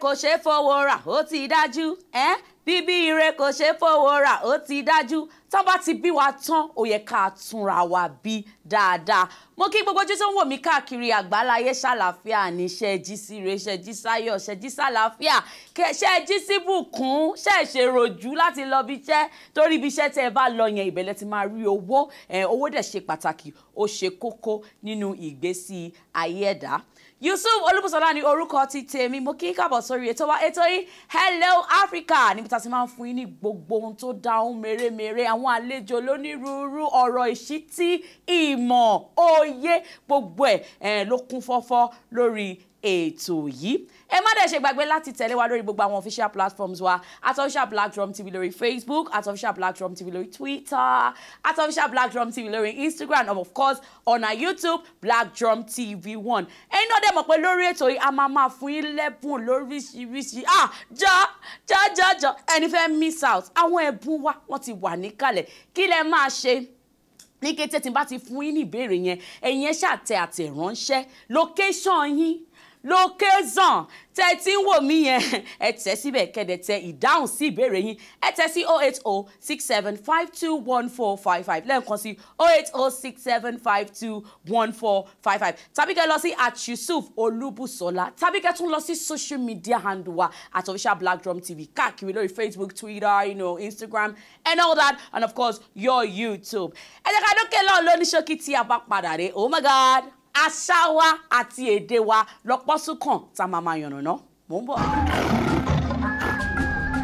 kò ṣe é fowó rà ó ti dájú ẹ́ bíbí ire kò ṣe é fowó rà ó ti dájú tán bá ti bí wa tán ó yẹ ká túnra wa bí dáadáa mo kí gbogbo ojú tó ń wò mí káàkiri àgbáláyé ṣàlàáfíà ní ṣẹ́ẹ̀jì síre ṣẹ́ẹ̀jì sáyọ̀ ṣẹ́ẹ̀jì sàlàáfíà ṣẹ́ẹ̀jì síbùkún ṣẹ́ẹ̀ṣẹ̀ rojú láti lọ bí iṣẹ́ torí ibi iṣẹ́ tẹ́ ẹ bá lọ yẹn ìbẹ̀lẹ̀ ti máa rí owó owó dẹ̀ ṣe pàtàkì ó ṣe kókó nínú ìgbésí ayé ẹ̀dá Yusuf Olúbùsọ̀lá ni orúkọ ti tèmi mo kí káàbọ̀ sórí ètò wa ètò yìí Hello Africa níbi tá a ti máa ń fún yín ní gbogbo ohun tó dáhùn mèremère àwọn àlejò lónírúurú ọ̀rọ̀ ìṣítí ìmọ̀ òye gbogbo ẹ̀ ló kún fọ́fọ́ lórí ètò yìí ẹ má dẹ̀ ṣe gbàgbé láti tẹ̀lé wa lórí gbogbo àwọn official platforms wa at official black drum tv lórí facebook at official black drum tv lórí twitter at official black drum tv lórí instagram and of course on our youtube black drum tv one ẹ̀yin náà dẹ̀ mọ̀ pé lórí ètò yìí a máa máa fún yín lẹ́bùn lóríṣiríṣi ah já já já já ẹni fẹ́ miss out àwọn ẹ̀bùn wa wọ́n ti wà níkàlẹ̀ kí lẹ máa ṣe ní kété tí n bá ti fún yín ní ìbéèrè yẹn ẹ̀yin ẹ̀ ṣàtẹ̀ àtẹ̀ ránṣẹ́ location yín location tẹ́ ti ń wò mí yẹn ẹ tẹ̀ síbẹ̀ kẹ́dẹ̀ tẹ ìdáhùn sí ìbéèrè yín ẹ tẹ̀ sí oh eight oh six seven five two one four five five lẹ́ẹ̀kan sí oh eight oh six seven five two one four five five tàbí kẹ́ lọ sí at yusuf olúbùsọ́lá tàbí kẹ́ tún lọ sí social media handle wa at official black drum tv káàkiri lórí facebook twitter you know, instagram and all that and of course your youtube ẹ jẹ́ ká dókè lọ́ọ̀ lóníṣókí tí a bá padà dé oh my god àṣà wa àti èdè wa lọ́pọ́sùkàn tá a máa máa yànnàná mò ń bọ̀.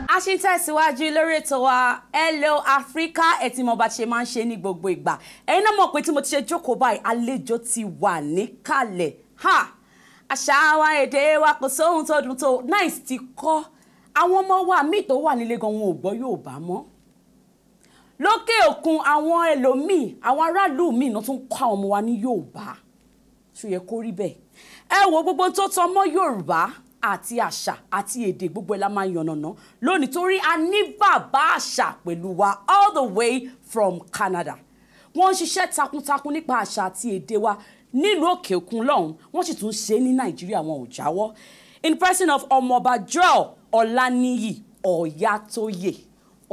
a ṣì ń tẹ̀síwájú lórí ètò wa hello africa ẹ ti mọ̀ bá ṣe máa ń ṣe ní gbogbo ìgbà ẹ̀yin náà mọ̀ pé tí mo ti ṣe jókòó báyìí àlejò ti wà níkàlẹ̀ ha àṣà wa èdè wa kò sóhun tó dùn tó nice ti kọ́ àwọn ọmọ wa míì tó wà nílé gan wọn ò gbọ́ Yorùbá mọ́ lókè òkun àwọn ẹlòmíì àwọn aráàlú míì náà tún kọ́ àwọn ọmọ wa ní Yorùbá ṣó yẹ kó rí bẹ́ẹ̀ ẹ wo gbogbo tó tan mọ́ Yorùbá àti àṣà àti èdè gbogbo ẹ̀ la máa yànnàná lónìí torí a ní bàbá àṣà pẹ̀lú wa all the way from Canada wọ́n ń ṣiṣẹ́ takuntakun nípa àṣà àti èdè wa nílùú òkè òkun lọ́hùn wọ́n sì tún ṣe é ní Nàìjíríà wọn ò jáwọ́ in person of ọmọọba Joel Ọláníyì Ọ̀yátóyè.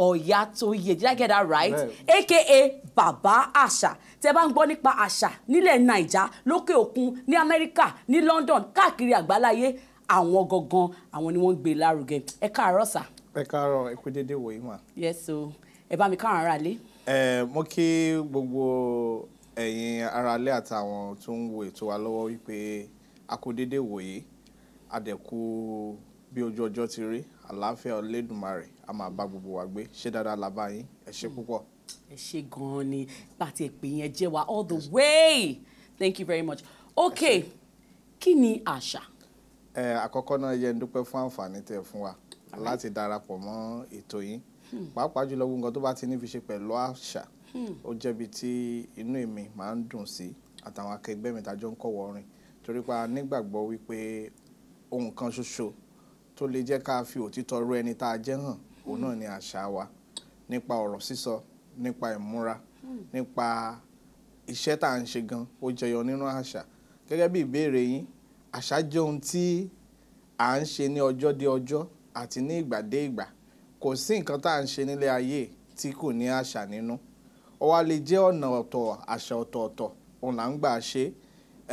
Ọ̀yàtóyè did I get that right aka Baba àṣà tẹ bá ń gbọ́ nípa àṣà nílẹ̀ Naija lókè òkun ní Amẹ́ríkà ní London káàkiri àgbáláyé àwọn gangan àwọn ni wọ́n ń gbé lárugẹ ẹ káàárọ̀ sà. ẹ káàárọ̀ ẹ kú déédéé wòye mà. yes o ẹ bá mi káàárọ̀ ara lé. ẹ mo kí gbogbo ẹ̀yin aráalé àtàwọn tó ń wo ètò wa lọ́wọ́ wípé a kú déédéé wòye a dẹ̀ kú bí ojú ọjọ́ ti rí àlàáfíà Olódùmarè a máa bá gbogbo wa gbé ṣé dáadáa la bá yín ẹ ṣe mm. púpọ̀. ẹ ṣe gan ni bàtí èpè yẹn jẹ́ wa all the way thank you very much okay kí ni àṣà. ẹ àkọ́kọ́ náà yẹ ń dúpẹ́ fún àǹfààní tẹ́ fún wa láti darapọ̀ mọ́ ètò yín hmm. pàápàá jùlọ gbogbo nǹkan tó bá ti ní fi ṣe pẹ̀lú àṣà hmm. ó jẹ́bi tí inú mi máa ń dùn sí àtàwọn akẹgbẹ́ mi tájọ́ ń kọ̀wọ́ orin torí pa nígbàgbọ́ wípé ohun kan ṣoṣo tó lè jẹ́ ká fi òtítọ́ rú ẹni tá a jẹ́ hàn òun náà ni àṣà wa nípa ọ̀rọ̀ sísọ nípa ìmúra hmm. nípa iṣẹ́ tá à ń ṣe gan ó jẹyọ nínú àṣà gẹ́gẹ́ bí ìbéèrè yín àṣà jẹ́ ohun tí à ń ṣe ní ọjọ́ dé ọjọ́ àti ní ìgbà dé ìgbà kò sí nǹkan tá à ń ṣe nílé ayé tí kò ní àṣà nínú ó wá lè jẹ́ ọ̀nà ọ̀tọ̀ àṣà ọ̀tọ̀ọ̀tọ̀ òun là ń gbà ṣe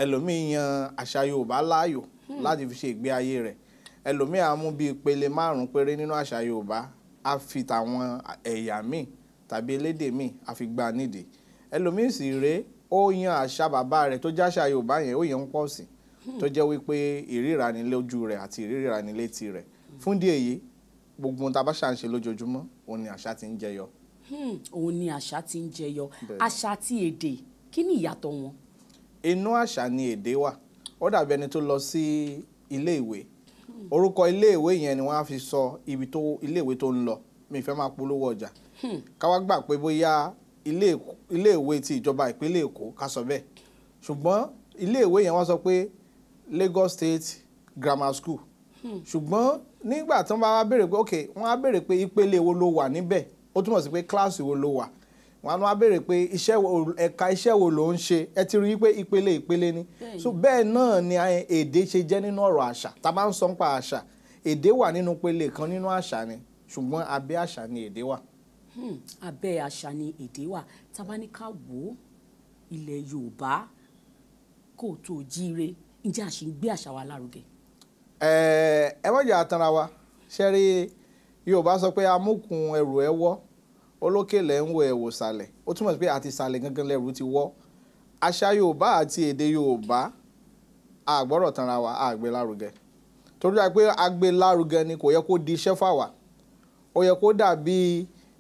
ẹlòmíì yan àṣà Yorùbá láàyò hmm. láti fi ṣe ìgbé ayé rẹ̀ ẹlòmíì á bíi ìpele márùn péré nínú àṣà Yorùbá a fi tàwọn ẹ̀yà míì tàbí elédè míì a fi gba nídìí ẹlòmíì sì rèé ó yan àṣà bàbá rẹ̀ tó jáṣà Yorùbá yẹn ó yan pọ̀ sí hmm. tó jẹ́ wípé ìríra ni lójú rẹ̀ àti ìríra ni létí rẹ̀ hmm. fún díẹ̀ yìí gbogbo ohun tá a bá ṣà ń ṣe lójoojúmọ́ òun ni àṣà ti ń jẹyọ. Hmm, òun ni àṣà ti ń jẹyọ àṣà àti èdè kí ni ìyàtọ̀ wọn. inú àṣà ni èdè wà ó dàbí ẹni tó lọ sí ilé ìwé orúkọ iléèwé yẹn ni wọ́n á fi sọ ibi tó iléèwé tó ń lọ mi fẹ́ máa polówó ọjà hmm. káwá gbà pé bóyá iléèwé ti ìjọba ìpínlẹ̀ Èkó ká sọ bẹ́ẹ̀ ṣùgbọ́n iléèwé yẹn wọ́n sọ pé Lagos State Grammar School hmm. ṣùgbọ́n nígbà tí wọ́n bá wá béèrè pé ok wọ́n á béèrè pé ìpele wo ló wà níbẹ̀ ó túmọ̀ sí pé kíláàsì wo ló wà wọn á lọ béèrè pé iṣẹ́ ẹ̀ka iṣẹ́ wo ló ń ṣe ẹ ti rí i pé ìpele ìpele ni so bẹ́ẹ̀ náà ni èdè ṣe jẹ́ nínú ọ̀rọ̀ àṣà tá a bá ń sọ nípa àṣà èdè wà nínú pele kan nínú àṣà ni ṣùgbọ́n abẹ́ àṣà ni èdè wà. Hmm, abẹ́ àṣà ni èdè wà tá a bá ní ká wò ó ilẹ̀ Yorùbá kò tó jíire ǹjẹ́ a ń gbé àṣà wa lárugẹ. ẹ ẹ má jẹ́ àtanra wa ṣe Yorùbá sọ pé amúkùn ẹrù ẹ wọ́ olókè lẹ̀ ń wo ẹ̀wò sàlẹ̀ ó túmọ̀ sí pé àti sàlẹ̀ gangan lẹ́rù ti wọ́ àṣà yorùbá àti èdè yorùbá àgbọ̀rọ̀ tanra wa àgbélárugẹ torí pé àgbélárugẹ ni kò yẹ kó di iṣẹ́ fáwa ó yẹ kó dàbí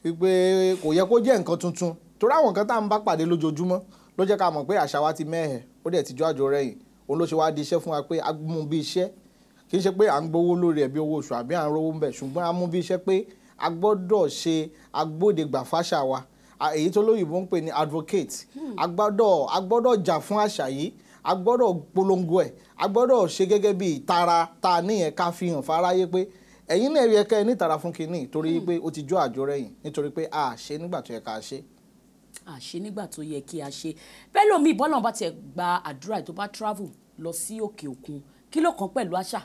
pé kò yẹ kó jẹ́ nǹkan tuntun torí àwọn nǹkan tá à ń bá pàdé lójoojúmọ́ ló jẹ́ ká mọ̀ pé àṣà wa ti mẹ́hẹ̀ ó dẹ̀ ti jọ́ àjò rẹ̀yìn òun ló ṣe wá di iṣẹ́ fún wa pé a mú bí iṣẹ́ kì í ṣe pé à ń gbowó lórí ẹ̀ owó oṣù àbí à ń rówó ń bẹ̀ ṣùgbọ́n a mú bí iṣẹ́ pé a gbọ́dọ̀ ṣe agbódegbà fáṣà wa èyí tó lóyìnbó ń pè ní advocate hmm. a gbọ́dọ̀ a gbọ́dọ̀ jà fún àṣà yìí a gbọ́dọ̀ polongo ẹ̀ a gbọ́dọ̀ ṣe gẹ́gẹ́ bí ìtara ta níyẹn ká fi hàn fáráyé pé ẹ̀yin náà yẹ ká ẹ nítara fún kinní torí hmm. pé ó ti jó àjò rẹ̀yìn nítorí pé a ṣe nígbà tó yẹ ká ṣe àṣe nígbà tó yẹ kí a ṣe bẹ́ẹ̀ lómi bọ́lá bá tiẹ̀ gba àdúrà tó bá travel lọ sí òkè òkun kí ló kàn pẹ̀lú àṣà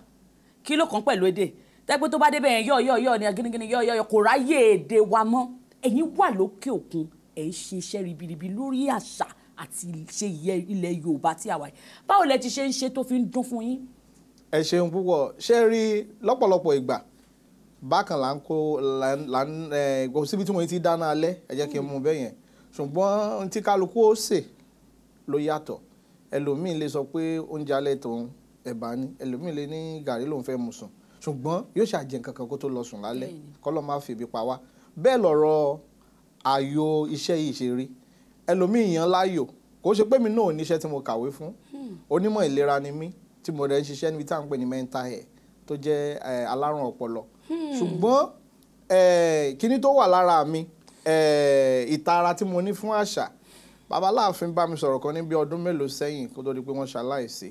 kí ló kàn pẹ̀lú èdè tẹ́gbẹ́ tó bá débẹ̀ yẹn yọ̀ yọ̀ yọ̀ ni gínígíní yọ̀ yọ̀ kò ráyè èdè wa mọ́ ẹ̀yin wà lókè òkun ẹ̀ ń ṣe iṣẹ́ ribiribi lórí àṣà àti ṣe ìyẹ ilẹ̀ Yorùbá tí a wà yìí báwo lẹ ti ṣe ń ṣe tó fi ń dún fún yín. ẹ ṣeun púpọ̀ ṣé rí lọ́pọ̀lọpọ̀ ìgbà bákan là ń kó là ń gbọ́ síbi tí mo ti dáná alẹ́ ẹ jẹ́ kí n mú bẹ́ẹ̀ yẹn ṣùgbọ́n tí kálukú ó sè ló yàtọ̀ ẹlòmíín lè sọ pé oúnjẹ alẹ́ tòun ẹ̀bà ni ẹlòmíín lè ní gàrí lòun fẹ́ mu sùn ṣùgbọ́n yóò ṣàjẹ́ nǹkan kan kó tó lọ sùn lálẹ́ kọ́lọ́ máa fi ibi pa wá bẹ́ẹ̀ lọ̀rọ̀ àyò iṣẹ́ yìí ṣe rí ẹlòmíì yan láyò kò ṣe pé mi náà ò níṣẹ́ tí mo kàwé fún hmm. onímọ̀ ìlera ni mí tí mo rẹ̀ ń ṣiṣẹ́ níbi tá à ń pè ní mental health tó jẹ́ alárùn ọpọlọ hmm. ṣùgbọ́n kíní tó wà lára mi ìtara tí mo ní fún àṣà babaláàfin bá mi sọ̀rọ̀ kan ní bí ọdún mélòó sẹ́yìn kó tó di pé wọ́n ṣaláìsí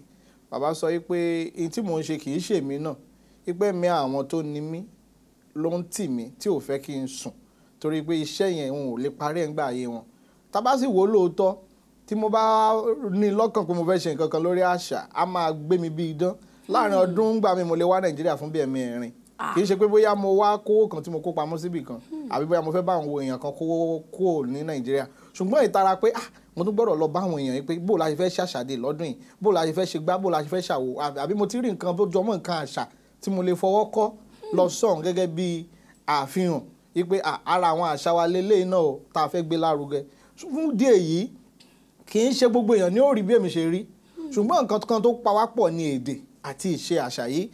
bàbá sọ yìí pé ihun tí mò ń ṣe kì í ṣèmi náà pé mi àwọn tó ní mí ló ń tì mí tí ò fẹ́ kí n sùn torí pé iṣẹ́ yẹn òun ò lè parí ẹ̀ ń gbà ayé wọn tá bá sì wò lóòótọ́ tí mo bá ní lọ́kàn pé mo fẹ́ ṣe nǹkan kan lórí àṣà á máa gbé mi bí idán láàrin hmm. ọdún ńgbà mi mo lè wá nàìjíríà fún bíi ẹ̀mí ẹ̀rin ah. kì í ṣe pé bóyá mo wá kówó kan tí mo kó pamọ́ síbì kan hmm. àbí bóyá mo fẹ́ bá àwọn èèyàn kan kówó kó ní nàìjíríà ṣùgbọ́n ìtara pé ah mo tún gbọ́dọ̀ lọ bá àwọn èèyàn yìí pé bó la ṣe fẹ́ ṣàṣàdé lọ́dún yìí bó la ṣe fẹ́ ṣe gbá bó la ṣe fẹ́ ṣàwò àbí mo ti rí nǹkan tó jọmọ́ nǹkan àṣà tí mo lè fọwọ́ kọ́ lọ sọ̀hún gẹ́gẹ́ bí àfihàn wípé ara àwọn àṣà wa lélẹ́yìn náà tá a fẹ́ gbé lárugẹ fún díẹ̀ yìí kì í ṣe gbogbo èèyàn ní ó rí bí èmi ṣe rí ṣùgbọ́n nǹkan kan tó pa wá pọ̀ ní èdè àti ìṣe àṣà yìí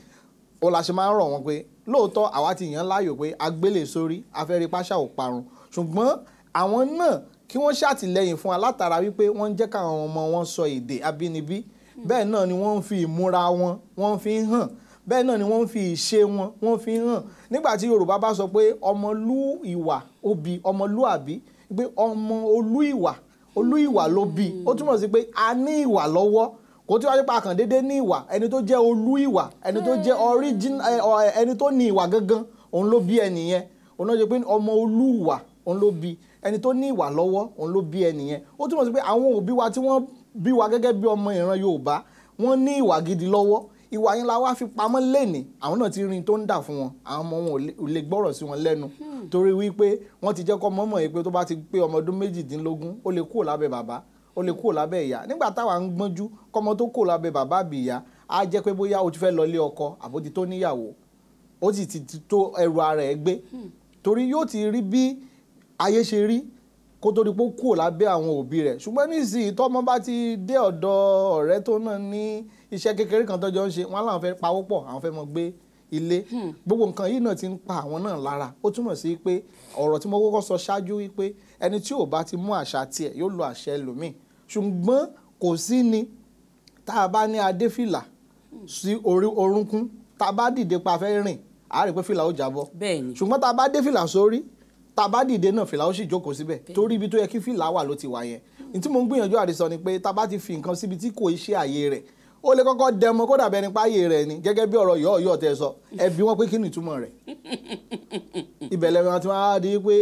ó la ṣe máa ń rọ̀ wọ́n pé lóòótọ́ àwa ti yàn láàyò pé agbélé sórí afẹ́rí páṣá ò parun ṣùgbọ́n àwọn náà kí wọ́n ṣàtìlẹ́yìn fún wa látara wípé wọ́n ń jẹ́ káwọn ọmọ wọn sọ èdè abínibí bẹ́ẹ̀ náà ni wọ́n ń fi ìmúra wọn wọ́n fi ń hàn bẹ́ẹ̀ náà ni wọ́n fi ìṣe wọn wọ́n fi hàn nígbà tí Yorùbá bá sọ pé ọmọlú ìwà òbí ọmọlúàbí pé ọmọ olú ìwà olú ìwà ló bí ó túmọ̀ sí pé a ní ìwà lọ́wọ́ kò tí wọ́n ti pa àkàn déédéé ní ìwà ẹni tó jẹ́ olú ìwà ẹni tó jẹ́ ẹni tó ní ìwà gangan òun ló bí ẹni yẹn òun náà jẹ́ pé ọmọ olú ìwà òun ló bí ẹni tó ní ìwà lọ́wọ́ òun ló bí ẹni yẹn ó túmọ̀ sí pé àwọn òbí wa tí wọ́n bí wa gẹ́gẹ́ bí ọmọ ìran Yorùbá wọ́n ní ìwà gidi lọ́wọ́ ìwà yẹn la wá fi pamọ́ lẹ́ni àwọn náà ti rin tó ń dà fún wọn àwọn ọmọ wọn ò lè gbọ́rọ̀ sí wọn lẹ́nu hmm. torí wípé wọ́n ti jẹ́ kọ́ mọ́mọ́ yìí pé tó bá ti pé ọmọ ọdún méjìdínlógún ó lè kúrò lábẹ́ bàbá ó lè kúrò lábẹ́ ìyá nígbà táwa ń gbọ́njú kọ́mọ tó kúrò lábẹ́ bàbá àbí ìyá á jẹ́ pé bóyá o ti fẹ́ lọlé ọkọ àbótí tó níyàwó ó sì ti tó ẹrù ara ẹ̀ gbé hmm. torí yóò ti rí bí ayé ṣe rí kó tó di pé ó kúrò lábẹ́ àwọn òbí rẹ̀ ṣùgbọ́n nísìnyí tọ́mọ bá ti dé ọ̀dọ̀ ọ̀rẹ́ tó náà ní iṣẹ́ kékeré kan tó jọ ń ṣe wọn làwọn fẹ́ pawó pọ̀ àwọn fẹ́ mọ gbé ilé hmm. gbogbo nǹkan yìí náà ti ń pa àwọn náà lára ó túmọ̀ sí pé ọ̀rọ̀ tí mo kọ́kọ́ sọ ṣáájú wípé ẹni tí ò bá ti mú àṣà tiẹ̀ yóò lo àṣà ẹlòmíì ṣùgbọ́n kò sí ni tá a bá ní adéfìlà sí orí orúnkún tá a bá dìde pa fẹ́ rìn àá pé fìlà ó jábọ́ ṣùgbọ́n tá a bá dé fìlà sórí tá a bá dìde náà fìlà ó sì jókòó síbẹ̀ torí ibi tó yẹ kí fìlà wà ló ti wà yẹn ní mo ń gbìyànjú àti ni pé tá ti fi nǹkan síbi tí kò ṣe àyè rẹ̀ ó lè kọ́kọ́ dẹmọ kó dàbí ẹni páyé rẹ̀ ni gẹ́gẹ́ bí ọ̀rọ̀ yọ̀ọ́ yọ̀ọ́ tẹ sọ ẹ bí wọ́n pé kí ni ìtumọ̀ rẹ̀ ìbẹ̀lẹ̀ wọn ti wáá di pé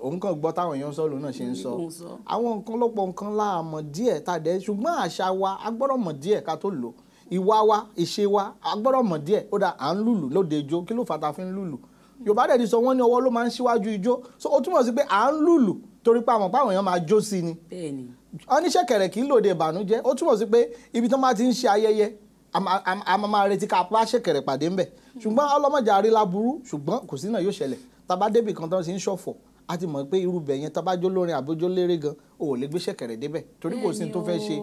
òun kàn gbọ́ táwọn èèyàn sọ lòun náà ṣe ń sọ àwọn nǹkan lọ́pọ̀ nǹkan láàmọ̀ díẹ̀ tàdé ṣùgbọ́n àṣà wa agbọ́dọ̀ mọ̀ díẹ̀ ká tó lò ìwà wa ìṣe wa agbọ́dọ̀ mọ̀ díẹ̀ ó dà à ń lùlù lóde ijó kí ló fàtà fi ń lùlù yorùbá dẹ̀ ti sọ wọ́n ní ọwọ́ ló máa ń ṣíwájú ijó so ó túmọ̀ sí pé à ń lùlù torí pé àmọ̀ páwọn èèyàn máa jó sí ni oníṣẹ̀kẹ̀rẹ̀ kì í lòde ìbànújẹ́ ó túmọ̀ sí pé ibi tí wọ́n bá ti ń ṣe ayẹyẹ a máa retí ká bá ṣẹ̀kẹ̀rẹ̀ pàdé ńbẹ̀ ṣùgbọ́n ọlọ́mọjà rí laburú ṣùgbọ́n kò sí náà yóò ṣẹlẹ̀ tàbá débì kan tó ń ṣe ń ṣọ̀fọ̀ a ti mọ̀ pé irú bẹ̀ yẹn tabájó lórin àbójó léré gan o ò lè gbé ṣẹ̀kẹ̀rẹ̀ débẹ̀ torí kò sí tó fẹ́ ṣe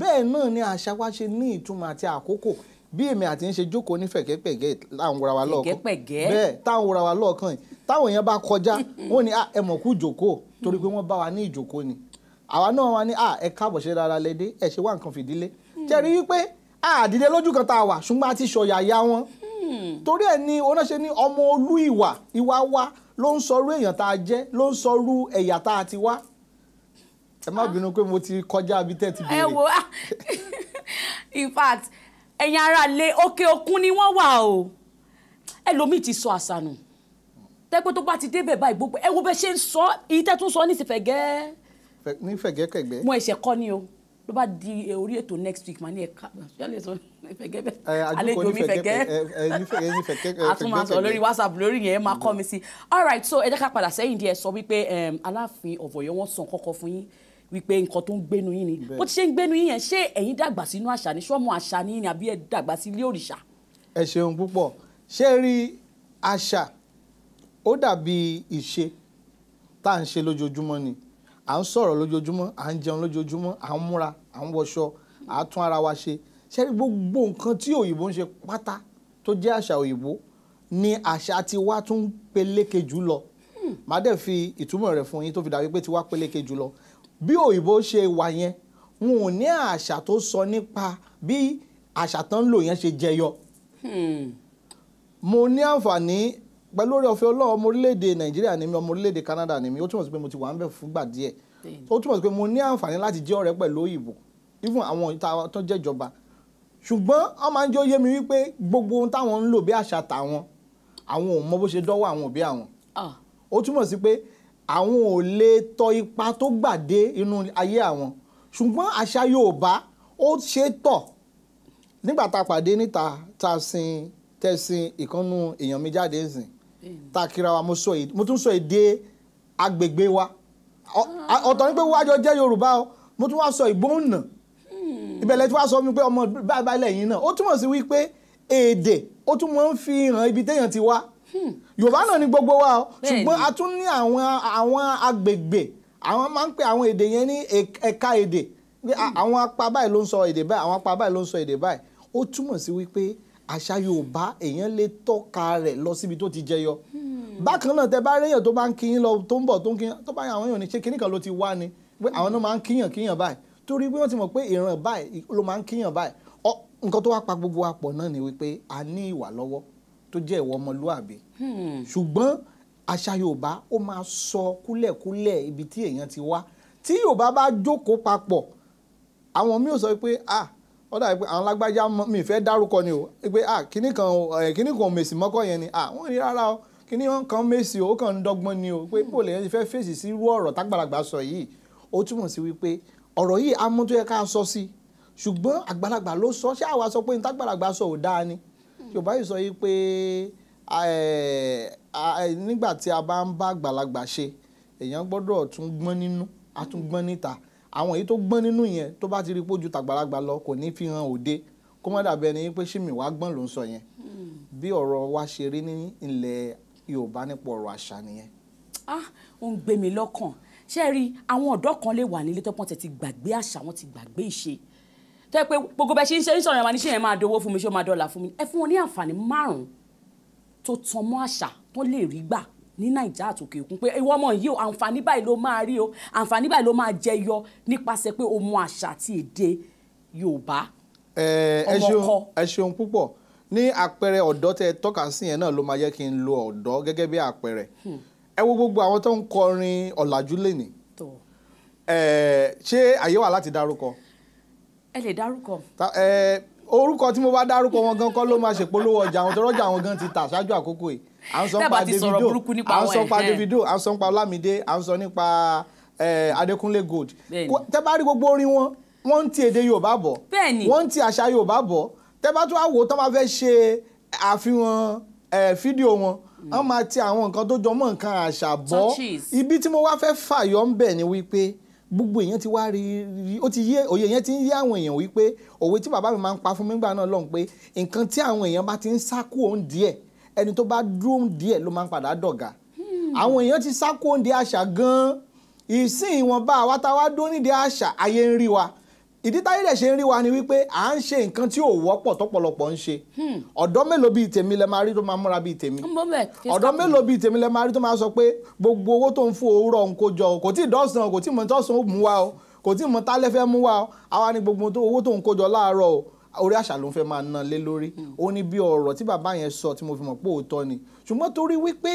bẹ́ẹ̀ náà ni àṣà wa ṣe ní ìtumọ̀ àti àkókò bí èmi àti ń ṣe jókòó ní fẹ̀kẹ́pẹ̀kẹ́ táwọn wura wa lọ́ọ̀kan bẹ́ẹ̀ táwọn wura wa lọ́ọ̀kan yìí táwọn èèyàn bá kọjá wọ́n ní ẹ mọ̀ kú jókòó torí pé wọ́n bá wa ní ìjókòó ni àwa náà wà ní ẹ káàbọ̀ ṣe rárá lẹ́dẹ́ ẹ ṣe wá nǹkan fìdílé jẹ́rí hmm. wípé àdìdẹ lójú kan tá a wà ṣùgbọ́n a ti sọ yàyà wọn hmm. torí ẹ ní onáṣe ní ọmọ olú ìwà ìwà wa ló ń sọrú èèyàn tá a jẹ́ ló ń sọrú ẹ̀yà tá a ti wá ẹ má ah. bínú pé mo ti kọjá abitẹ́ ti béèrè. ẹ wo ah. in fact ẹ̀yin ara lé òkè òkun ni wọ́n wà o ẹlòmíì ti sọ àṣà tẹ́pẹ́ tó bá ti débẹ̀ báyìí gbogbo ẹ wo bẹ́ẹ̀ ṣe ń sọ èyí tẹ́ tún sọ ní ìsìfẹ̀gẹ́. ní fẹ̀gẹ́kẹ̀gbẹ́. mo ẹ̀ṣẹ̀ kọ́ ni o ló bá di eh, orí ètò next week màá ní ẹ̀ka ṣẹlẹ̀ sọ fẹ̀gẹ́ bẹ́ẹ̀ àlejò mi fẹ̀gẹ́ àtúmọ̀ sọ lórí whatsapp lórí yẹn máa kọ́ mi sí all right so ẹ jẹ́ ká padà sẹ́yìn díẹ̀ sọ wípé aláàfin ọ̀vọ̀yọ́ wọ́n sàn kọ́kọ́ fún yín wípé nǹkan tó ń gbénu yín ni bó ti ṣe ń gbénu yín yẹn ṣé ẹ̀yin dàgbà sínú àṣà ni ṣọ́mọ àṣà ni yín ni àbí ẹ dàgbà sí ilé òrìṣà. ẹ ṣeun púpọ̀ ṣé rí àṣà ó dàbí ìṣe tá à ń ṣe lójoojúmọ́ ni à ń sọ̀rọ̀ lójoojúmọ́ à ń jẹun lójoojúmọ́ à ń múra à ń wọṣọ à ń tún ara wa ṣe ṣé rí gbogbo nǹkan tí òyìnbó ń ṣe pátá tó jẹ́ àṣà òyìnbó ni àṣà tiwa tún peléke jù lọ hmm. màá dẹ̀ fi ìtumọ̀ rẹ̀ fún yín tó fi dàbí pé tiwa peléke jù lọ bí òyìnbó ṣe wà yẹn wọn ò ní àṣà tó sọ nípa bí àṣà tán ń lò yẹn ṣe jẹyọ. Hmm. mo ní àǹfààní pẹ̀lú orí ọ̀fẹ́ ọlọ́run ọmọ orílẹ̀-èdè nàìjíríà ni mi ọmọ orílẹ̀-èdè canada ni mi ó túmọ̀ sí pé mo ti wà ń bẹ̀ fúngbà díẹ̀ ó túmọ̀ sí pé mo ní àǹfààní láti jẹ́ ọ̀rẹ́ pẹ̀lú òyìnbó even àwọn ìta tó jẹ́ ìjọba ṣùgbọ́n wọ́n máa ń jẹ́ ó yé mi àwọn ò lè tọ ipa tó gbàdé inú ayé àwọn ṣùgbọ́n àṣà Yorùbá ó ṣe tọ̀ nígbà tá a pàdé níta tá a sin tẹ̀sìn ìkànnù èèyàn mi jáde nsìn tá a kíra wa mo tún sọ èdè agbègbè wa ah. ọ̀tọ̀ ni pé wájọ jẹ́ Yorùbá o mo tún wá sọ ìgbóhùnà ìbẹ̀lẹ̀ hmm. tí wàá sọ mi pé ọmọ báyìí lẹ́yìn náà ó túmọ̀ sí wípé èdè ó tún ń fi hàn ibi téèyàn ti wá hmm yorùbá náà ni gbogbo wa o ṣùgbọ́n a tún ní àwọn àwọn agbègbè àwọn máa ń pè àwọn èdè yẹn ní e-, ẹ̀ka èdè àwọn apá báyìí ló ń sọ èdè báyìí àwọn apá báyìí ló ń sọ èdè báyìí ó túmọ̀ sí wípé àṣà yorùbá èèyàn lè tọ́ka rẹ̀ lọ síbi tó ti jẹyọ hmm. bákan náà tẹ bá réyàn tó bá ń kíyìn lọ tó ń bọ̀ tó ń kíyìn tó bá yàn àwọn èèyàn ní ṣe kíní kan ló ti wá ni pé àwọn náà máa ń kíyàn kíyàn báyìí torí pé wọ́n ti mọ̀ pé ìran báyìí ló máa ń kíyàn báyìí nǹkan tó wá pa gbogbo wa pọ̀ náà ni wípé a ní ìwà lọ́wọ́ tó jẹ́ ìwọ ọmọlúàbí hmm. ṣùgbọ́n àṣà Yorùbá ó máa sọ kúlẹ̀kúlẹ̀ ibi tí èèyàn ti wá tí Yorùbá bá jókòó papọ̀ àwọn míì sọ pé ah ó dàbí pé àwọn lágbájá mi fẹ́ dárúkọ ni o pé ah kíní kan kíní kan mèsì mọ́kọ́ yẹn ni ah wọ́n ní rárá o kíní kan mèsì o ó kàn ń dọ́gbọ́n ni o pé hmm. bó lè yẹn ti fẹ́ fèsì sí irú ọ̀rọ̀ tágbàlagbà sọ yìí ó túmọ̀ sí wípé ọ̀rọ̀ yìí amú ká sọ sí ṣùgbọ́n àgbàlagbà ló sọ ṣé àwa sọ pé ní tágbàlagbà sọ ò dáa ni yorùbá yìí sọ yìí pé nígbà tí a bá ń bá àgbàlagbà ṣe èèyàn gbọ́dọ̀ tún gbọ́n nínú a tún gbọ́n níta àwọn èyí tó gbọ́n nínú yẹn tó bá ti rí pójú tàgbàlagbà lọ kò ní fi hàn òde kó má dàbí ẹni pé ṣìmì wá gbọ́n ló ń sọ yẹn hmm. bí ọ̀rọ̀ wa ṣe rí ní ilẹ̀ yorùbá nípa ọ̀rọ̀ àṣà nìyẹn. ah ó ń gbé mi lọ́kàn ṣé rí àwọn ọ̀dọ́ kan lè wà nílé tọ́pọ̀ tẹ̀ ti gbàgbé àṣà wọn ti gbàgbé ìṣe tẹ́ pé gbogbo bẹ́ẹ̀ ṣe ń ṣe ń sọ̀rọ̀ ẹ̀ máa ní ṣé ẹ̀ máa dowó fún mi ṣé ó máa dọ́là fún mi ẹ fún wọn ní àǹfààní márùn-ún tó tan mọ́ àṣà tó lè rí gbà ní nàìjà àtòkè òkun pé ìwọ ọmọ yìí o àǹfààní báyìí ló máa rí o àǹfààní báyìí ló máa jẹyọ nípasẹ̀ pé o mọ àṣà àti èdè Yorùbá ọmọkọ. ẹ ṣeun púpọ̀ ní àpẹẹrẹ ọ̀dọ́ tẹ tọ́ka sí yẹn náà ló máa jẹ́ kí n lo ọ̀dọ́ gẹ́gẹ́ bí àpẹẹrẹ hmm. ẹ wo gbogbo àwọn tó ń kọrin ọ̀làjú lẹ́nìí ṣé àyè wà láti dárúkọ ẹ lè dárúkọ. ẹ orúkọ tí mo bá dárúkọ wọn gan kọ́ ló máa ṣèpolówó ọjà àwọn tọrọjà àwọn gan ti tà ṣáájú àkókò yìí à ń sọ nípa Davido à ń sọ nípa Davido à ń sọ nípa Olamide à ń sọ nípa Adékúnlé Gold tẹ́ bá rí gbogbo orin wọn wọ́n ń ti èdè Yorùbá bọ̀ wọ́n ń ti àṣà Yorùbá bọ̀ tẹ́ bá tún wá wò tán bá fẹ́ ṣe àfihàn fídíò wọn hmm. wọ́n máa ti àwọn nǹkan tó jọmọ́ nǹkan àṣà bọ̀ ibi tí mo wá fẹ́ fàyọ ń bẹ̀ ni wípé gbogbo èèyàn ti wá rí rí ó ti yé òye yẹn ti ń yé àwọn èèyàn wípé òwe tí bàbá mi máa ń pa fún mi gbà náà lọ́hùn pé nǹkan tí àwọn èèyàn bá ti ń sákú òun díẹ̀ ẹni tó bá dúró òun díẹ̀ ló máa ń padà dọ̀gà hmm. àwọn èèyàn ti sákú òun díẹ̀ àṣà gan-an ìsìn ìwọ̀nba àwa nídìí àṣà ayé ń rí wa ìdí táyé dẹ̀ ṣe ń rí wa ni wípé à ń ṣe nǹkan tí ò wọ́pọ̀ tọ́pọ̀lọpọ̀ ń ṣe hmm. ọ̀dọ́ mélòó bíi tèmi lẹ máa rí tó máa múra bíi tèmi ọ̀dọ́ mélòó bíi tèmi lẹ máa rí tó máa sọ pé gbogbo owó tó ń fún òwúrọ̀ ń kó jọ kò tí ì dọ́sàn kò tí ì mọ tọ́sàn ó mú wa o kò tí ì mọ tálẹ́ fẹ́ mú wa o àwa ni gbogbo owó tó ń kó láàárọ̀ o orí àṣà ló ń fẹ́ máa ná lé lórí hmm. ó ní bí ọ̀rọ̀ tí bàbá yẹn sọ tí mo fi mọ̀ pé òótọ́ ni ṣùgbọ́n torí wípé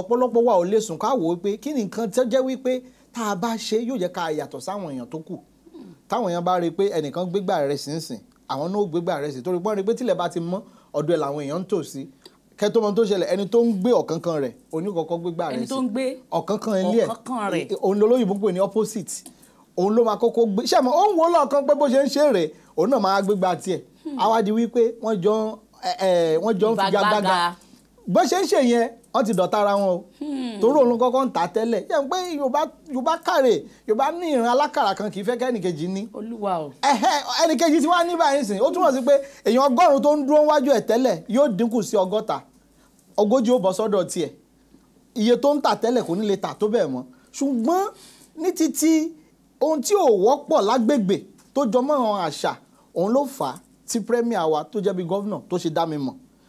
ọ̀pọ̀lọpọ̀ wa ò lè sùn káwọ́ wípé kí ni nǹkan tó jẹ́ wípé tá a bá ṣe yóò jẹ́ ká yàtọ̀ sáwọn èèyàn tó kù táwọn èèyàn bá rí i pé ẹnìkan gbégbá rẹ̀ sínsìn àwọn náà gbégbá rẹ̀ sí torí pọ́n rí i pé tílẹ̀ bá ti mọ́ ọ̀dọ̀ ẹ̀ làwọn èèyàn ń tò sí kẹtọmọ tó ṣẹlẹ̀ ẹni tó ń gbé ọ̀kánkán rẹ̀ oníkọkọ gbégbá rẹ̀ sí ẹni tó ń gbé ọ̀kánkán ilé ẹ̀ òun lolóyìnbó pè ní opposite òun ló máa kókó gbé ṣàmọ òun wò lọọkan pé bó ṣe ń ṣe rè òun náà máa gbégbá tiẹ̀ hmm. àwa di wípé wọ́n jọ ń figagbága bó ṣe ń ṣe yẹn wọ́n ti dọ̀tá ara wọn o hmm. torí òun kọ́kọ́ ń ta tẹ́lẹ̀ yẹn pé yorùbá kàrè yorùbá ní ìran alákàrà kan kì í fẹ́ kẹ́nìkejì ní. olúwa o. ẹnìkejì ti wá ní báyìí sìn ó túmọ̀ sí pé èèyàn ọgọ́rùn-ún tó ń dúró wájú ẹ̀ tẹ́lẹ̀ yóò dínkù sí ọgọ́ta ogójì ó bọ̀ sọ́dọ̀ tiẹ̀ iye tó ń tà tẹ́lẹ̀ kò ní lè tà tó bẹ́ẹ̀ mọ́ ṣùgbọ́n ní títí ohun tí ò wọ́pọ̀ lágbègbè tó jọmọ́ àwọn àṣà òun ló fà á tí premier wa dá mi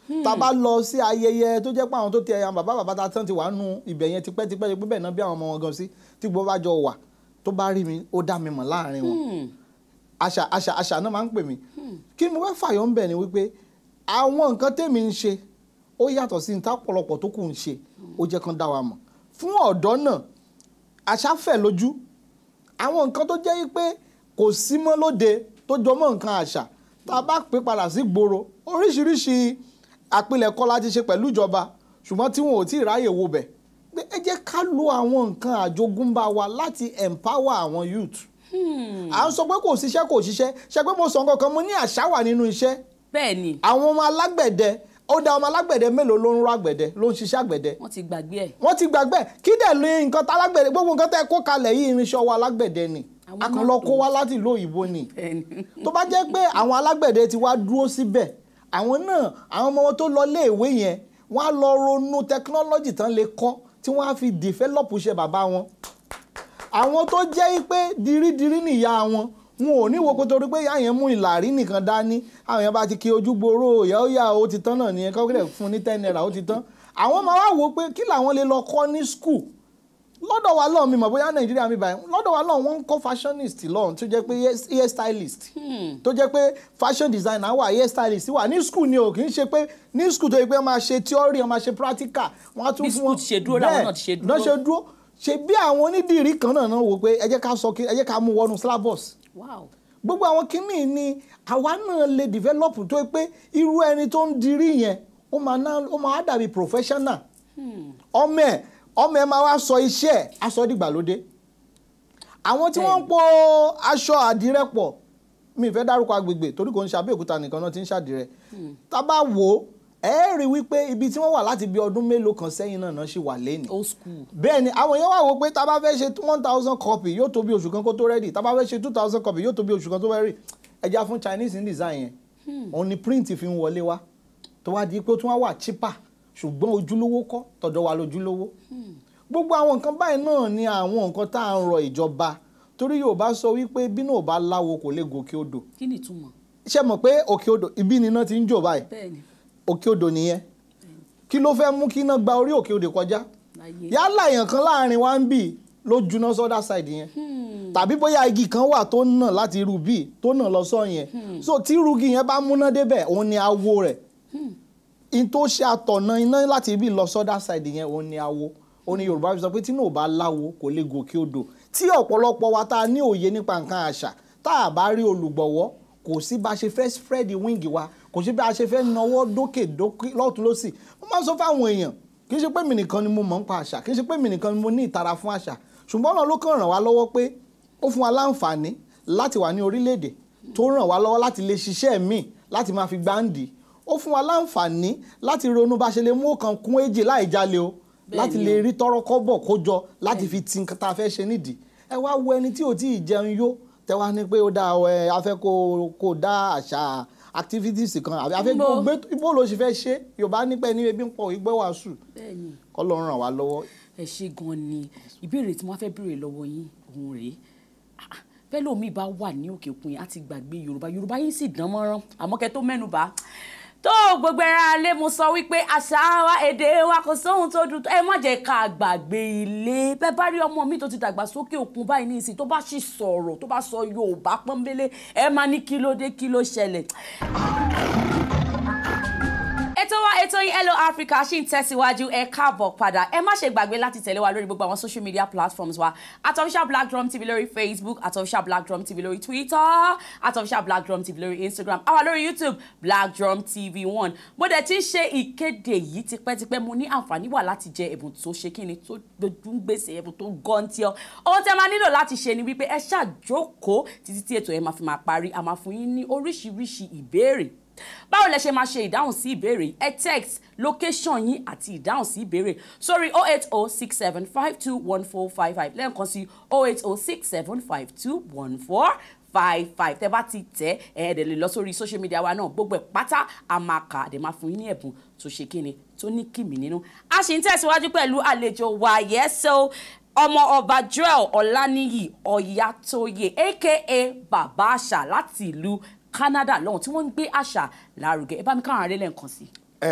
Hmm. tá a bá lọ sí ayẹyẹ tó jẹ́ pé àwọn tó ti ẹ̀yà bàbá bàbá ta tán ti wà nù ibẹ̀ yẹn tipẹ́tipẹ́ pé bẹ́ẹ̀ náà bí àwọn ọmọ wọn gan sí tí gbogbo bá jọ wà tó bá rí mi ó dá mi mọ̀ láàrin wọn hmm. àṣà àṣà àṣà náà máa ń pè mí hmm. kí ni mo fẹ́ fàyọ̀ ń bẹ̀ ni wípé àwọn nǹkan tèmi ń ṣe ó yàtọ̀ sí níta pọ̀lọpọ̀ tó kù ń ṣe ó jẹ́ kán dá wa mọ̀ fún ọ̀dọ́ náà àṣà fẹ̀ lójú àwọn nǹkan tó jẹ́ pé kò sí mọ́ lóde tó jọmọ́ nǹkan àṣà tá a bá pè padà sí gbòòrò oríṣiríṣi àpilẹ̀kọ láti ṣe pẹ̀lú ìjọba ṣùgbọ́n tí wọn ò tí ì ráyè wo bẹ̀ pé ẹ jẹ́ ká lo àwọn nǹkan àjogúnbá wa láti empower àwọn youth. Hmm. à ń sọ pé kò ṣiṣẹ́ kò ṣiṣẹ́ ṣe pé mo sọ nǹkan kan mo ní àṣà wà nínú iṣẹ́. bẹ́ẹ̀ni. àwọn ọmọ alágbẹ̀dẹ ó dá ọmọ alágbẹ̀dẹ mélòó ló ń rọ àgbẹ̀dẹ ló ń ṣiṣẹ́ àgbẹ̀dẹ. wọ́n ti gbàgbé ẹ̀. wọ́n ti gbàgbé kí dẹ̀ lè nǹkan tá alágbẹ̀dẹ gbogbo nǹkan tẹ́ kó kalẹ̀ yìí irinṣẹ́ ọwọ́ alágbẹ̀dẹ ni a kàn lọ kó wá láti ìlú òyìnbó ni tó bá jẹ́ pé àwọn alágbẹ̀dẹ ti wá dúró síbẹ̀ àwọn náà àwọn ọmọ wọn tó lọ léèwé yẹn wọ́n á lọ ronú tẹkinọ́lọ́jì tán lè kọ́ tí wọ́n á fi dìfẹ́lọ́pù ṣe bàbá wọn àwọn tó jẹ́ pé dirídirí nìyá wọn wọn ò ní wo pé torí pé àyàn mú ìlàrí nìkan dání àwọn yẹn bá ti kí ojú gbòòrò ìyá ó yà ó ti tán náà nìyẹn kọ́kẹ́rẹ́ fún ní ten naira ó ti tán àwọn máa wá wò pé kí làwọn lè lọ kọ́ ní school lọ́dọ̀ wa lọ́ọ̀ mi mọ̀ bóyá nàìjíríà mi báyìí lọ́dọ̀ wa lọ́ọ̀ wọ́n ń kọ́ fashionist lọ́ọ̀ tó jẹ́ pé hair stylist hmm. tó jẹ́ pé fashion designer wà hair stylist wà ní school ni o kì í ṣe pé ní school tó yẹ pé máa ṣe theory máa ṣe practical wọ́n á tún fún wọn bẹ́ẹ̀ náà ṣe dúró ṣe bí àwọn onídìrí kan náà náà wò pé ẹ jẹ́ ká sọ ẹ jẹ́ ká mú wọnú syllabus gbogbo àwọn kínní ni àwa náà lè develop tó yẹ pé irú ẹni tó ń dirí yẹn ó máa dàbí professional hmm. ọmọ ẹ̀ ọmọ ẹ máa wá sọ iṣẹ́ ẹ̀ aṣọ dìgbàlódé àwọn tí wọ́n ń po aṣọ àdìrẹ pọ̀ mi fẹ́ dárúkọ agbègbè torí kò ń ṣe Abẹ́òkúta nìkan náà ti ń ṣàdìrẹ hmm. tá a bá wò ó ẹ rí wípé ibi tí wọ́n wà láti bí ọdún mélòó kan sẹ́yìn náà náà ṣì wà lẹ́nìí bẹ́ẹ̀ ni àwọn èèyàn wà wò pé tá a bá fẹ́ ṣe one thousand copy yóò tó bí oṣù kan kó tó rẹ́dì tá a bá fẹ́ ṣe two thousand copy yóò tó bí oṣù kan tó rẹ́dì ẹja fún Chinese in design yẹn hmm. òun ni print fi ń wọlé wá tó wá di pé ó tún wá wà cheaper ṣùgbọ́n ojúlówó kọ́ tọ̀dọ̀ wa lójúlówó hmm. gbogbo àwọn nǹkan báyìí náà ni àwọn nǹkan tá à ń rọ ìjọba torí Yorùbá sọ wípé bínú ò bá láwo kò lè gòkè odò kí ni ìtumọ̀ ṣe mọ̀ pé òkè odò ibi níná ti ń jò báyìí òkè odò nìyẹn kí ló fẹ́ mú kí iná gba orí òkè odò kọjá yálà èèyàn kan láàrin wa ń bì ló juná sọ́dá side yẹn hmm. tàbí bóyá igi kan wà tó nà láti irú bíi tó nà lọ sọ yẹn hmm. so tí irú igi yẹn bá múná débẹ̀ òun ni awo rẹ̀. Hmm in tó ṣe àtọ̀nà iná láti ibi lọ sọ́dà side yẹn òun ni awo ó ní yorùbá fi sọ pé tínú ò bá láwo kò lè gòkè odò tí ọ̀pọ̀lọpọ̀ wa tá a ní òye nípa nǹkan àṣà tá a bá rí olùgbọ̀wọ́ kò sí bá a ṣe fẹ́ spread wing wa kò sí bá a ṣe fẹ́ nawọ́ dókè dókè lọ́tún lọ́sì mo máa ń sọ fáwọn èèyàn kì í ṣe pé mi nìkan ni mo mọ̀ ń àṣà kì í ṣe pé mi nìkan ni mo ní ìtara fún àṣà ṣùgbọ́n ọ̀nà ràn wá lọ́wọ́ pé ó fún wa láǹfààní láti wà ní orílẹ̀-èdè tó ràn wá lọ́wọ́ láti lè ṣiṣẹ́ míì láti máa fi gbáǹdì ó fún wa láǹfààní láti ronú bá ṣe lè mú ọ̀kan kún èjì láì jalè o láti lè rí tọrọ kọ́bọ̀ kójọ láti fi ti nǹkan tá a fẹ́ ṣe nídìí ẹ wá wo ẹni tí ò tí ì jẹun yó tẹwa ni pé ó dáa ẹ afẹ́ kó kó dá àṣà activities kan àbí afẹ́ kó gbé bó ló ṣe fẹ́ ṣe yorùbá nípa ẹni ebi ń pọ̀ ìgbẹ́ wàásù kọ́ ló ràn wá lọ́wọ́. ẹ ṣe gan ni ìbéèrè tí wọn fẹ́ béèrè lọ́wọ́ yín òun rèé fẹlẹ omi bá wà ní òkè òkun yẹn á ti gbàgbé yorùbá yorùbá yìí sì dán mọ́rán àmọ́ tó mẹ́nu tó gbogbo ẹran alẹ́ mo sọ wípé àṣà wa èdè wa kò sóhun tó dùn ẹ má jẹ́ ká gbàgbé ilé bẹ́ẹ̀ bá rí ọmọ mi tó ti dàgbà sókè òkun báyìí ní tó bá sì sọ̀rọ̀ tó bá sọ Yorùbá pọ́nbélé ẹ má ní kí ló dé kí ló ṣẹlẹ̀ wa ètò yín hello africa ṣì ń tẹ̀síwájú ẹ káàbọ̀ padà ẹ má ṣe gbàgbé láti tẹ̀lé wa lórí gbogbo àwọn social media platforms wa at official black drum tv lórí facebook at official black drum tv lórí twitter at official black drum tv lórí instagram àwa lórí youtube black drum tv one mo dẹ̀ ti ń ṣe ìkéde yìí tipẹ́tipẹ́ mo ní àǹfààní wà láti jẹ ẹ̀bùn tó ṣe kí ni tó dojú ń gbèsè ẹ̀bùn tó gan tí ọ ohun tẹ́ máa nílò láti ṣe ni wípé ẹ ṣàjókòó títí tí ètò báwo lẹ ṣe máa ṣe ìdáhùn sí ìbéèrè ẹ text location yín àti ìdáhùn sí ìbéèrè sórí oh, oh six seven five two one four five five lẹ́ẹ̀kan sí oh eight oh six seven five two one four five five tẹ bá ti tẹ ẹ ẹdẹ lè lọ sórí social media wa náà gbogbo ẹ pátá a máa kà àdè máa fún yín ní ẹ̀bùn tó ṣe kíni tó ní kìmí nínú. a sì ń tẹ̀síwájú pẹ̀lú àlejò wa yẹ́sọ́ ọmọ ọba joel ọláníyì ọ̀yàtóyè aka bàbá àṣà láti ìlú Canada lọ́hùn tí wọ́n ń gbé àṣà lárugẹ ẹ bá mi káwọn aráalé lẹ́ǹkan sí. ẹ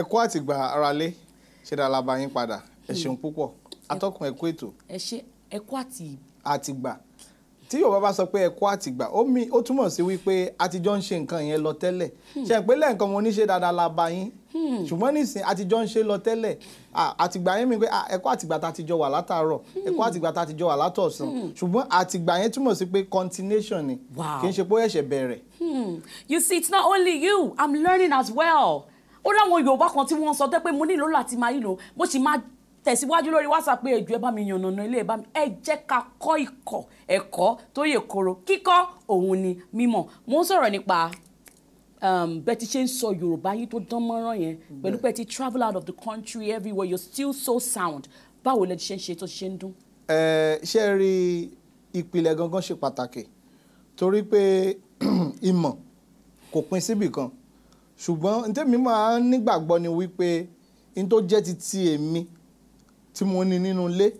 ẹ kú àtìgbà aráalé ṣe dáa la bá yín padà ẹ hmm. ṣeun púpọ̀ atọ́kùn ẹ kú ètò. ẹ ṣe ẹ kú àti. àtìgbà tí yorùbá bá sọ pé ẹ kú àtìgbà ó mi ó túmọ̀ sí wípé àtijọ́ ń ṣe nǹkan yẹn lọ tẹ́lẹ̀ hmm. ṣe pé lẹ́ẹ̀kan mo ní ṣe dáadáa la yín Hmm. ṣùgbọ́n nísìn àtijọ́ ń ṣe lọ tẹ́lẹ̀ àtìgbà yẹn mi pé ẹ̀kọ́ àtìgbà tá a ti jọ wà látàárọ̀ ẹ̀kọ́ hmm. àtìgbà tá a ti jọ wà látọ̀sán hmm. ṣùgbọ́n àtìgbà yẹn túmọ̀ sí pé continuation ni kì í ṣe pé ẹ̀ṣẹ̀ bẹ̀rẹ̀. you see it's not only you i'm learning as well ó láwọn yorùbá kan tí wọ́n sọ tẹ́ pé mo nílò láti máa yìlò mo sì máa tẹ̀síwájú lórí whatsapp pé ẹjọ́ ẹ bá mi yànnàná ilé ẹ bá mi ẹ jẹ́ ká kọ́ ikọ̀ ẹ̀kọ́ tó yè koro kíkọ́ òun ni mímọ̀ mo ń sọ̀rọ̀ nípa um, bẹ́ẹ̀ ti ṣe ń sọ Yorùbá yìí tó dán mọ́rán yẹn mm-hmm. pẹ̀lú pé ti travel out of the country everywhere you're still so sound báwo lẹ ti ṣe ń ṣe tó ṣe ń dún. ẹ ṣe rí ìpìlẹ̀ gangan ṣe pàtàkì torí pé ìmọ̀ kò pin síbì kan ṣùgbọ́n n tẹ́mi máa nígbàgbọ́ ni wípé n tó jẹ́ ti ti èmi tí mo ní nínú ilé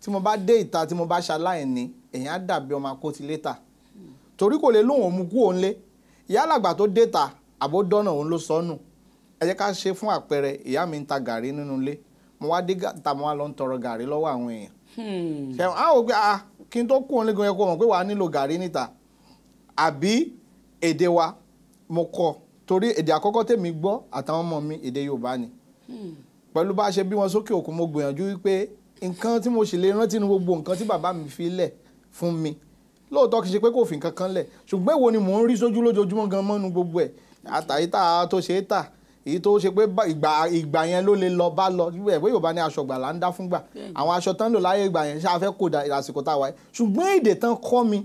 tí mo bá dé ìta tí mo bá ṣaláìní èèyàn á dàbí ọmọ akótilé ta mm. torí kò lè lóun òun mú kú òun lé yálàgbà tó déta àbó dọ́nà òun ló sọnù ẹ jẹ́ ká ṣe fún àpẹẹrẹ ìyá mi ń ta gàrí nínú ilé mo wá dé ta mo wá lọ ń tọrọ gàrí lọ́wọ́ àwọn èèyàn hmm. ṣẹ̀wọ̀n á wò pé ah kí n tó kú òun léegun kó mọ̀ pé wàá nílò gàrí níta àbí èdè wa mo kọ torí èdè àkọ́kọ́ tèmi gbọ́ àtàwọn ọmọ mi èdè Yorùbá ni hmm. pẹ̀lú bá a ṣe bí wọn sókè òkun mo gbìyànjú wípé nǹkan tí mo sì lè gbogbo nǹkan tí bàbá mi fi lẹ̀ fún mi lóòótọ́ kì í ṣe pé kò fi nǹkan kan lẹ̀ ṣùgbọ́n èwo ni mò ń rí sójú lójoojúmọ́ gan mọ́nu gbogbo ẹ̀ àtàyí tá a tó ṣe é tà èyí tó ṣe pé ìgbà ìgbà yẹn ló lè lọ bá lọ ẹ pé Yorùbá ní aṣọ gbà là ń dá fún gbà àwọn aṣọ tán lò láyé ìgbà yẹn ṣáà fẹ́ kó da àsìkò tá a wáyé ṣùgbọ́n èdè tán kọ́ mi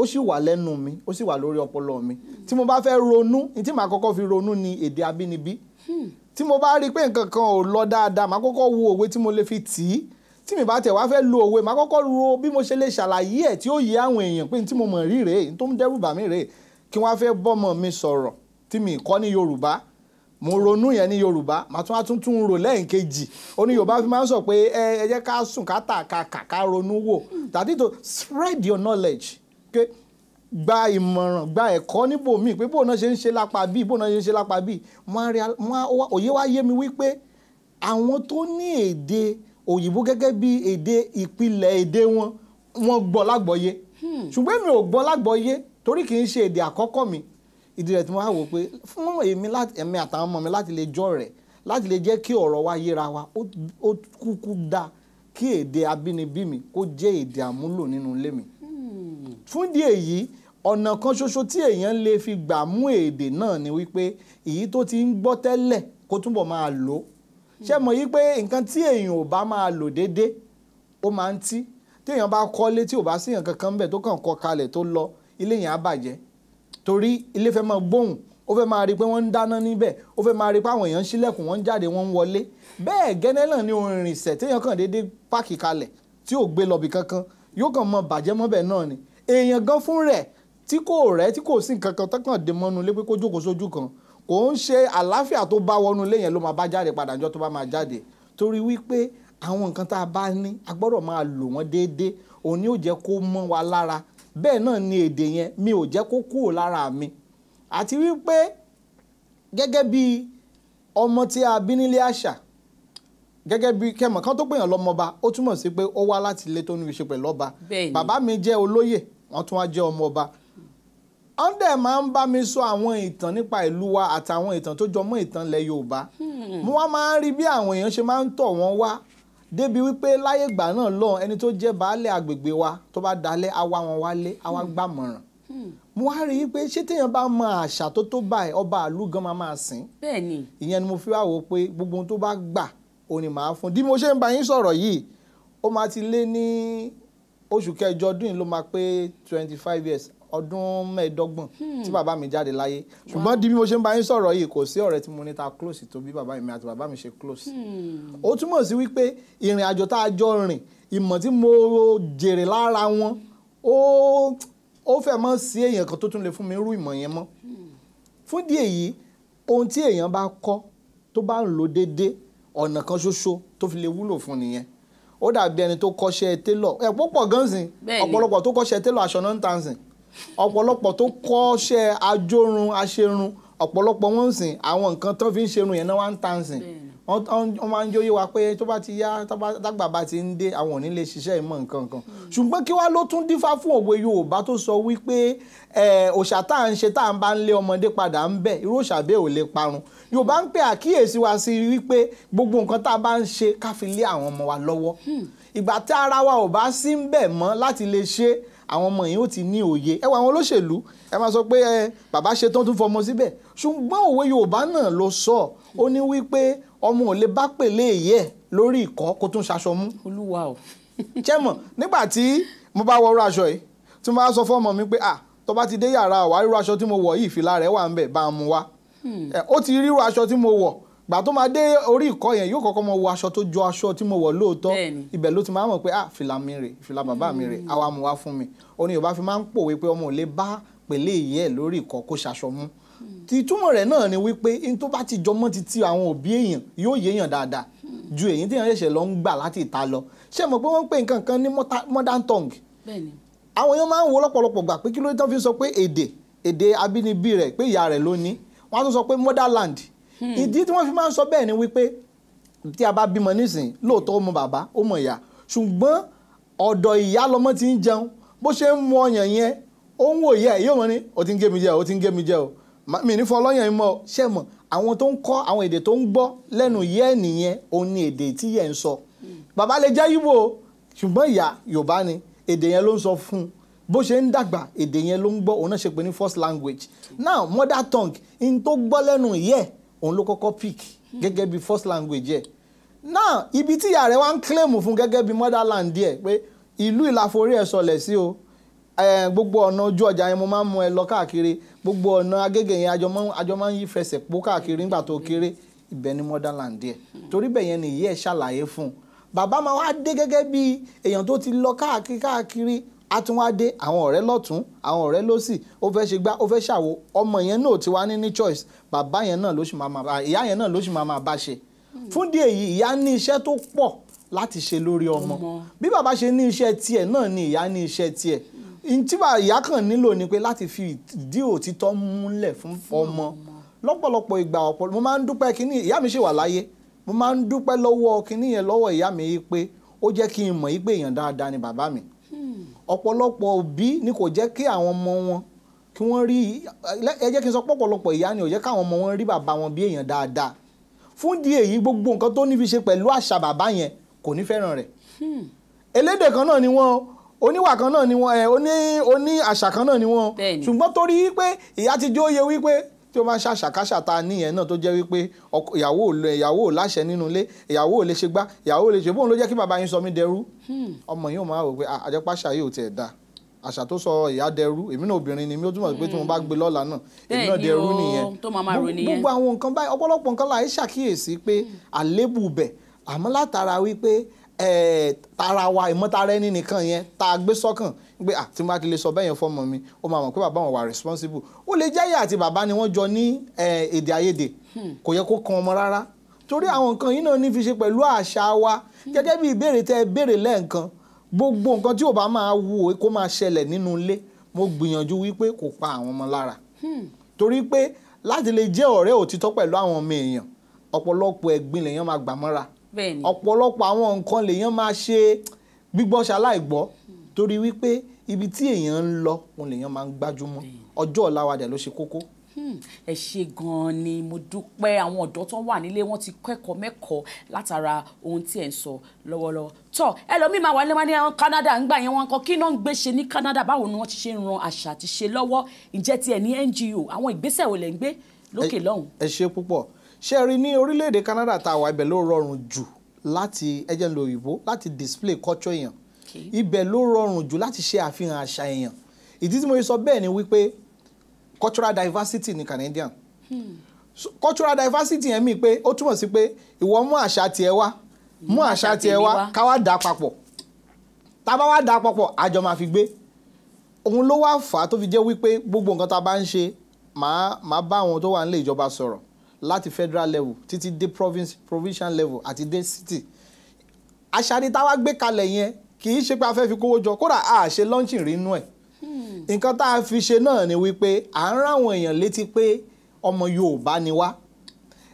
ó sì wà lẹ́nu mi ó sì wà lórí ọpọlọ mi tí mo bá fẹ́ ronú tí màá kọ́kọ́ fi ronú ni èdè abínibí hmm. tí mo bá rí i pé nǹkan kan ò lọ dáadáa màá kọ́kọ́ wo òwe tí mo lè fi tì í tí mi bá tẹ̀ wá fẹ́ lo òwe màá kọ́kọ́ ro bí mo ṣe lè ṣàlàyé ẹ̀ tí ó yé àwọn èèyàn pé tí mo mọ̀ rí rèé tó ń dẹ́rù bà mí rèé kí wọ́n á fẹ́ bọ́mọ mi sọ̀rọ̀ tí mi kọ́ ní Yorùbá mo ronú yẹn ní Yorùbá màá tún á tún tún lẹ́yìn kejì ó ní Yorùbá fi máa ń sọ pé ẹ ẹ jẹ́ ká sùn ká tà ká kà ká ronú wò tàbí to spread your knowledge Okay, gba ìmọ̀ràn gba ẹ̀kọ́ níbò míì pé bóun náà ṣe ń ṣe lápá bíi bóun náà ṣe ń ṣe lápá bíi òye wá yé mi wípé àwọn tó ní èdè òyìnbó gẹ́gẹ́ bí èdè ìpìlẹ̀ èdè wọn wọ́n gbọ́ lágbọ́yé hmm. ṣùgbọ́n èmi ò gbọ́ lágbọ́yé torí kì í ṣe èdè àkọ́kọ́ mi ìdí rẹ̀ tí mo wá wò pé fún èmi èmi àtàwọn ọmọ mi láti lè jọ rẹ̀ láti lè jẹ́ kí ọ̀rọ̀ wa yéra wa ó kúkú dá kí èdè abínibí mi kó jẹ́ èdè àmúlò nínú ilé mi hmm. fún ìdí èyí ọ̀nà kan ṣoṣo tí èèyàn lè fi gbà mú èdè náà ni wípé èyí tó ti ń gbọ́ tẹ́lẹ̀ kó túbọ̀ máa lò ó ṣé mọ̀ yìí pé nǹkan tí èèyàn ò bá máa lò déédéé ó máa ń tí téèyàn bá kọ́lé tí ò bá síyàn kankan bẹ̀ tó kàn kọ́ kalẹ̀ tó lọ ilé yẹn á bàjẹ́ torí ilé fẹ́ máa gbóhùn ó fẹ́ máa rí i pé wọ́n ń dáná níbẹ̀ ó fẹ́ máa rí i pé àwọn èèyàn ń ṣílẹ̀kùn wọ́n ń jáde wọ́n ń wọlé bẹ́ẹ̀ gẹ́nẹ́ náà ni orin ìsẹ̀ téèyàn kàn déédéé páàkì kalẹ̀ tí ò gbé lọ́bì kankan yóò kàn mọ bàjẹ́ mọ́bẹ̀ náà ni èèyàn gan fún rẹ̀ tí kò rẹ̀ tí kò sí nǹkan kan tọ́kàn dé mọ́nu lé pé kó jókòó sójú kan kò ń ṣe àlàáfíà tó bá wọnú ilé yẹn ló máa bá jáde padà níjọ́ tó bá máa jáde torí wípé àwọn nǹkan tá a bá ní a gbọ́dọ̀ máa lò wọ́n déédéé òun ni ó jẹ́ kó mọ́ wa lára bẹ́ẹ̀ náà ni èdè yẹn mi ò jẹ́ kó kúrò lára mi àti wípé gẹ́gẹ́ bí ọmọ tí a bí nílé àṣà gẹ́gẹ́ bí kẹmọ̀ kan tó pèèyàn lọ́mọba ó túmọ̀ sí pé ó wá láti ilé tó ní í ṣe bàbá mi jẹ́ olóyè wọ́n tún wá jẹ́ ọmọ ọba wọ́n dẹ̀ máa ń bá mi sọ àwọn ìtàn nípa ìlú wa àtàwọn ìtàn tó jọ mọ́ ìtàn ilẹ̀ Yorùbá hmm. mo wá máa ń rí bí àwọn èèyàn ṣe máa ń tọ̀ wọ́n wá débi wípé láyé ìgbà náà lọ́hùn ẹni tó jẹ́ baálé agbègbè wa tó bá dalẹ̀ á wá wọn wálé á wá hmm. gbàmọ̀ràn hmm. mo wá rí i pé ṣé téèyàn bá mọ àṣà tó tó báyìí ọba àlú gan máa máa sìn. bẹ́ẹ̀ni. ìyẹn ni mo fi wá wò pé gbogbo ohun tó bá gbà òun ni màá fún bí mo ṣe ń bá yín sọ̀rọ̀ yìí ó máa ti lé ní oṣù kẹjọ ọdún yìí ló máa pé twenty five years ọdún mẹ́ẹ̀ẹ́dọ́gbọ̀n hmm. tí bàbá mi jáde láyé ṣùgbọ́n di bí mo ṣe ń bá yín sọ̀rọ̀ yìí kò sí ọ̀rẹ́ tí mo ní ta close tó bí bàbá mi àti bàbá mi ṣe close. Hmm. ó túmọ̀ sí wípé ìrìn àjò tá a jọ rìn ìmọ̀ tí mo jèrè lára wọn ó ó fẹ́ mọ́ sí èèyàn kan tó tún lè fún mi irú ìmọ̀ yẹn mọ́. Hmm. fún díẹ̀ yìí ohun tí èèyàn bá kọ́ tó bá ń lò déédéé ọ̀nà kan ṣoṣo tó fi lè wúlò fún nìyẹn ó dàbí ẹni tó kọ́ṣẹ́ télọ̀ ẹ̀ púpọ̀ gan-an sìn ọ̀pọ̀lọpọ̀ tó kọ́ṣẹ́ télọ̀ aṣọ náà ń tàn sìn ọ̀pọ̀lọpọ̀ tó kọ́ṣẹ́ ajórun aṣerun ọ̀pọ̀lọpọ̀ wọn ń sìn àwọn nǹkan tó fi ń ṣerun yẹn náà wá ń tà ń sìn wọ́n máa ń jóyè wa pé tó bá ti yá tágbà bá ti ń dé àwọn ò ní lè ṣiṣẹ́ ìmọ̀ nǹkan kan hmm. ṣùgbọ́n kí wá ló tún dífá fún òwe Yorùbá tó sọ wípé òòṣà tá à ń ṣe tá à ń bá ń lé ọmọdé padà ń bẹ̀ irú òòṣà bẹ́ẹ̀ ò lè parun Yorùbá ń pè àkíyèsí wa sí wípé gbogbo nǹkan tá a bá ń ṣe ká fi lé àwọn ọmọ wa lọ́wọ́ hmm. ìgbà tí ara wa ò bá sí ń bẹ̀ mọ́ láti lè ṣe é àwọn ọmọ yìí ó ti ní òye ẹ wọ àwọn olóṣèlú ẹ máa sọ pé ẹ bàbá ṣe tán tún fọmọ síbẹ̀ ṣùgbọ́n òwe Yorùbá náà ló sọ ó ní wípé ọmọ ò lè bá pèlè èyẹ lórí ìkọ́ kó tún ṣaṣọ mú. olúwa o. jẹ́mọ̀ nígbà tí mo bá wọ irú aṣọ yìí tí mo bá sọ fọ́mọ mi pé ah tó bá ti dé yàrá àwárí irú aṣọ tí mo wọ̀ yìí ìfìlà rẹ̀ wà ń bẹ̀ bá a mú wa hmm. ó ti rí aṣọ tí mo wọ̀ gbà tó máa dé orí ìkọ́ yẹn yóò kọ́kọ́ mọ wọ aṣọ tó jọ aṣọ tí mo wọ̀ lóòótọ́ ibẹ̀ ló ti máa mọ̀ pé ah fìlà mi rè fìlà bàbá mi rè mm. àwa mú wá fún mi òní yorùbá fi máa ń pòwe pé ọmọ ò lè bá pèlè ìyẹ́ ẹ̀ lórí ìkọ́ kó ṣaṣọ mú mm. ti túmọ̀ rẹ̀ náà ni wípé n tó bá ti jọmọ́ ti ti àwọn òbí èèyàn yóò yéèyàn dáadáa mm. ju èyí tí èèyàn ṣẹ̀ṣẹ̀ lọ ń gbà láti ìta lọ ṣé mọ̀ pé wọ́n pè nǹkan kan ní modern tongue àwọn èèyàn máa ń wo lọ́pọ̀lọpọ̀ gbà pé kí ló tán fi sọ pé èdè èdè abínibí rẹ̀ pé ìyá rẹ̀ ló ní wọ́n á tún sọ pé motherland Hmm. ìdí tí wọ́n fi máa ń sọ bẹ́ẹ̀ ni wípé tí a bá bímọ nísìnyí lóòótọ́ ó mọ bàbá ó mọ ìyá ṣùgbọ́n ọ̀dọ̀ ìyá lọmọ ti ń jẹun bó ṣe ń mu ọyàn yẹn ó ń wòye ẹ̀ yóò mọ ni ó ti ń gé mi jẹ ó ti ń gé mi jẹ o mi ní fọ lọ́yàn mọ́ ṣe mọ̀ àwọn tó ń kọ́ àwọn èdè tó ń gbọ́ lẹ́nu yẹ́ nìyẹn òun ni èdè tí yẹn ń sọ hmm. bàbá lè jẹ́ yíbo ṣùgbọ́n ìyá Yorùbá ni èdè yẹn ló ń sọ fún bó ṣe ń dàgbà èdè yẹn ló ń gbọ́ òun náà ṣe pé ní first language hmm. now mother tongue in tó gbọ́ lẹ́nu yẹ́ òun ló kọ́kọ́ pick gẹ́gẹ́ bí first language ẹ̀ náà ibi tí ìyá rẹ̀ wá ń claim fún gẹ́gẹ́ bí motherland díẹ̀ pé ìlú ìlàforí ẹ̀ sọlẹ̀ sí o gbogbo ọ̀nà ojú ọjà yẹn mo máa ń mú ẹ lọ káàkiri gbogbo ọ̀nà Agége yẹn àjọ máa ń yí fẹsẹ̀ pọ̀ káàkiri nígbà tó kéré ibẹ̀ ni motherland díẹ̀ torí bẹ̀ yẹn nìyí ẹ̀ ṣàlàyé fún un bàbá máa wá dé gẹ́gẹ́ bí èèyàn tó ti lọ káàkiri káàkiri á tún wá dé àwọn ọ̀rẹ́ lọ́tún àwọn ọ̀rẹ́ lọ́sì ó fẹ́ ṣe gbá ó fẹ́ ṣàwo ọmọ yẹn náà ti wá ní ní choice bàbá yẹn náà ló sì máa máa ìyá yẹn náà ló sì máa máa bá ṣe fún díẹ̀ yìí ìyá ní iṣẹ́ tó pọ̀ láti ṣe lórí ọmọ bí bàbá ṣe ní iṣẹ́ tiẹ̀ náà ni ìyá ní iṣẹ́ tiẹ̀ tí ìyá kan nílò ni pé láti fi ìdí òtítọ́ múlẹ̀ fún ọmọ lọ́pọ̀lọpọ̀ ìgbà ọ̀pọ̀ mo máa ń dúpẹ́ kínní ìyá mi ṣì wà láyé mo máa ń dúpẹ́ lọ́wọ́ kínní yẹn lọ́wọ́ ìyá mi yìí pé ó jẹ́ kí n mọ̀ yìí pé èèyàn dáadáa ni bàbá mi ọ̀pọ̀lọpọ̀ òbí ni kò jẹ́ kí àwọn ọmọ wọn kí wọ́n rí ẹ jẹ́ kí n sọ pọ̀pọ̀lọpọ̀ ìyá ni ò jẹ́ káwọn ọmọ wọn rí bàbá wọn bí èèyàn dáadáa fún di èyí gbogbo nǹkan tó ní fi ṣe pẹ̀lú àṣà bàbá yẹn kò ní fẹ́ràn rẹ̀ hmm. elédè kan náà ni wọ́n oníwà kan náà ni wọ́n oní àṣà kan náà ni wọ́n ṣùgbọ́n torí pé ìyá ti jóye wípé tí ó bá ń ṣàṣàkáṣà tá a níyẹn náà tó jẹ́ wípé ìyàwó ò lọ ìyàwó ò láṣẹ nínú ilé ìyàwó ò lè ṣe gbá ìyàwó ò lè ṣe bóun ló jẹ́ kí bàbá yín sọ mí dẹrú hmm. ọmọ yìí ò máa rò pé àjẹpáṣà yìí ò tiẹ̀ dáa àṣà tó sọ ìyá dẹrú èmi náà obìnrin ni mi ó túmọ̀ pé tí mo bá hmm. gbé lọ́la náà èmi náà dẹrú nìyẹn gbogbo àwọn nǹkan báyìí ọ̀pọ̀lọpọ̀ nǹkan láì ṣàkíyèsí pé hmm. àlébù bẹ̀ àmọ́ látara wípé tara ìmọ̀tara ẹni nìkan yẹn tá a gbé sọ́kàn pé à ah, tí mo bá ti lè sọ bẹ́ẹ̀ yẹn fọ́mọ mi ó máa mọ̀ pé bàbá wọn wà responsible ó lè jẹ́ ìyá àti bàbá ni wọ́n jọ ní èdè àìyedè hmm. kò yẹ kó kan ọmọ rárá torí àwọn nǹkan yìí náà ní fi ṣe pẹ̀lú àṣà wa hmm. gẹ́gẹ́ bí ìbéèrè tẹ́ ẹ béèrè lẹ́ẹ̀kan gbogbo nǹkan tí ò bá máa wù ó kó máa ṣẹlẹ̀ nínú ilé mo gbìyànjú wípé kò pa àwọn ọmọ lára hmm. torí pé láti lè jẹ́ ọ̀rẹ́ òtítọ́ pẹ̀lú àwọn ọmọ èèyàn ọ̀pọ̀lọpọ̀ ẹ̀gbin lèèyàn máa gbà mọ́ra ọ̀pọ̀lọpọ̀ àwọn nǹkan lèèyàn máa ṣe gbígbọ́ ṣaláìgbọ́ torí wípé ibi tí èèyàn ń lọ òun lèèyàn máa ń gbájúmọ́ ọjọ́ ọ̀la wa dẹ̀ ló ṣe kókó hmm, ẹ ṣe gan-an ni mo dúpẹ́ àwọn ọ̀dọ́ tó wà nílé wọn ti kẹ́kọ̀ọ́ mẹ́kọ̀ọ́ látara ohun tí ẹ̀ ń sọ lọ́wọ́lọ́wọ́ tọ́ ẹlòmíì máa wà nílé wọn ní Canada ńgbà yẹn wọn kọ kí náà ń gbé ní Canada báwo ni wọ́n ti ṣe ń ran àṣà àti ṣe lọ́wọ́ ǹjẹ́ ti ẹ̀ ní NGO àwọn ìgbésẹ̀ wo lẹ̀ ń gbé lókè lọ́hùn. ẹ ṣe púpọ̀ ṣe rí ní orílẹ̀-èdè Canada tá a wà ibẹ̀ ló rọrùn jù láti ẹ jẹ́ lo òyìnbó láti display culture èèyàn ibẹ̀ ló rọrùn jù láti ṣe àfihàn àṣà èèyàn ìdí tí mo sọ bẹ́ẹ̀ ni wípé cultural diversity ni Canadian hmm. so, cultural diversity yẹn mi pé ó túmọ̀ sí pé ìwọ mú àṣà tiẹ̀ wá mú àṣà tiẹ̀ wá ká wá dà papọ̀ tá a bá wá dà papọ̀ àjọ máa fi gbé òun ló wá fà á tó fi jẹ́ wípé gbogbo nǹkan tá a bá ń ṣe màá màá bá àwọn tó wà nílé ìjọba sọ̀rọ̀ láti federal level títí dé province provincial level àti dé city àṣà ni táwa gbé kalẹ̀ yẹn kì í ṣe pé a fẹ́ fi kówó jọ kódà a ṣe lọ́ńchìn rí inú ẹ̀ hmm. nǹkan tá a fi ṣe náà ni wípé à ń ráwọn èèyàn létí pé ọmọ Yorùbá ni wá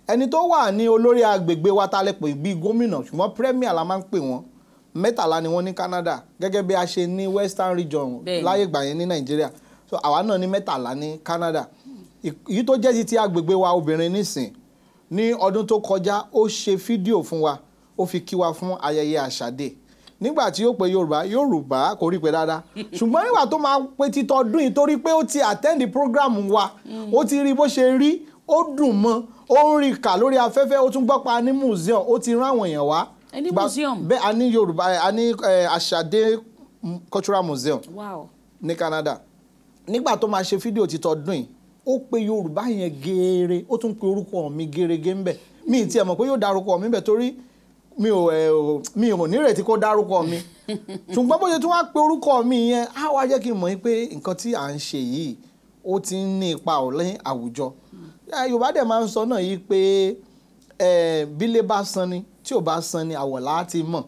ẹni tó wà ní olórí agbègbè wa tá a lè pè bíi gómìnà ṣùgbọ́n premier la máa ń pè wọ́n mẹ́tàlá ni wọ́n ní Canada gẹ́gẹ́ bí a ṣe ní Western region láyé ìgbà yẹn ní Nàìjíríà so àwa náà ní mẹ́tàlá ní Canada hmm. èyí tó jẹ́ ti ti agbègbè wa obìnrin nísìn ní ọdún tó kọjá ó ṣe fídíò fún wa ó fi kí wa fún ayẹyẹ àṣà nígbà tí yóò pe yorùbá yorùbá kò rí pé dáadáa ṣùgbọ́n nígbà tó máa pe títọ́dún yìí torí pé ó ti attend the program wa ó ti rí bó ṣe rí ó dùn mọ́ ó ń rí kà lórí afẹ́fẹ́ ó tún gbọ́ ní museum ó ti rán àwọn èèyàn wá ẹni museum bẹ́ẹ̀ a ní yorùbá a ní àṣàdé cultural museum wow. ní Canada nígbà tó máa ṣe fídíò títọ́dún yìí ó pe yorùbá yẹn geere ó tún pe orúkọ mi gerege ńbẹ mi ì tiẹ̀ mọ̀ pé yóò dárúkọ mi ńbẹ torí mi ò ẹ eh, o mi ò nírètí kó dárúkọ mi ṣùgbọ́n bó ṣe tún wá pe orúkọ mi yẹn á wá jẹ́ kí n mọ̀ pé nǹkan tí à ń ṣe yìí ó ti ń ní ipa ọ̀lẹ́ àwùjọ hmm. eh, Yorùbá dẹ̀ máa ń sọ náà yìí pé eh, bílé bá san ni tí ò bá san ni àwọ̀ láti mọ̀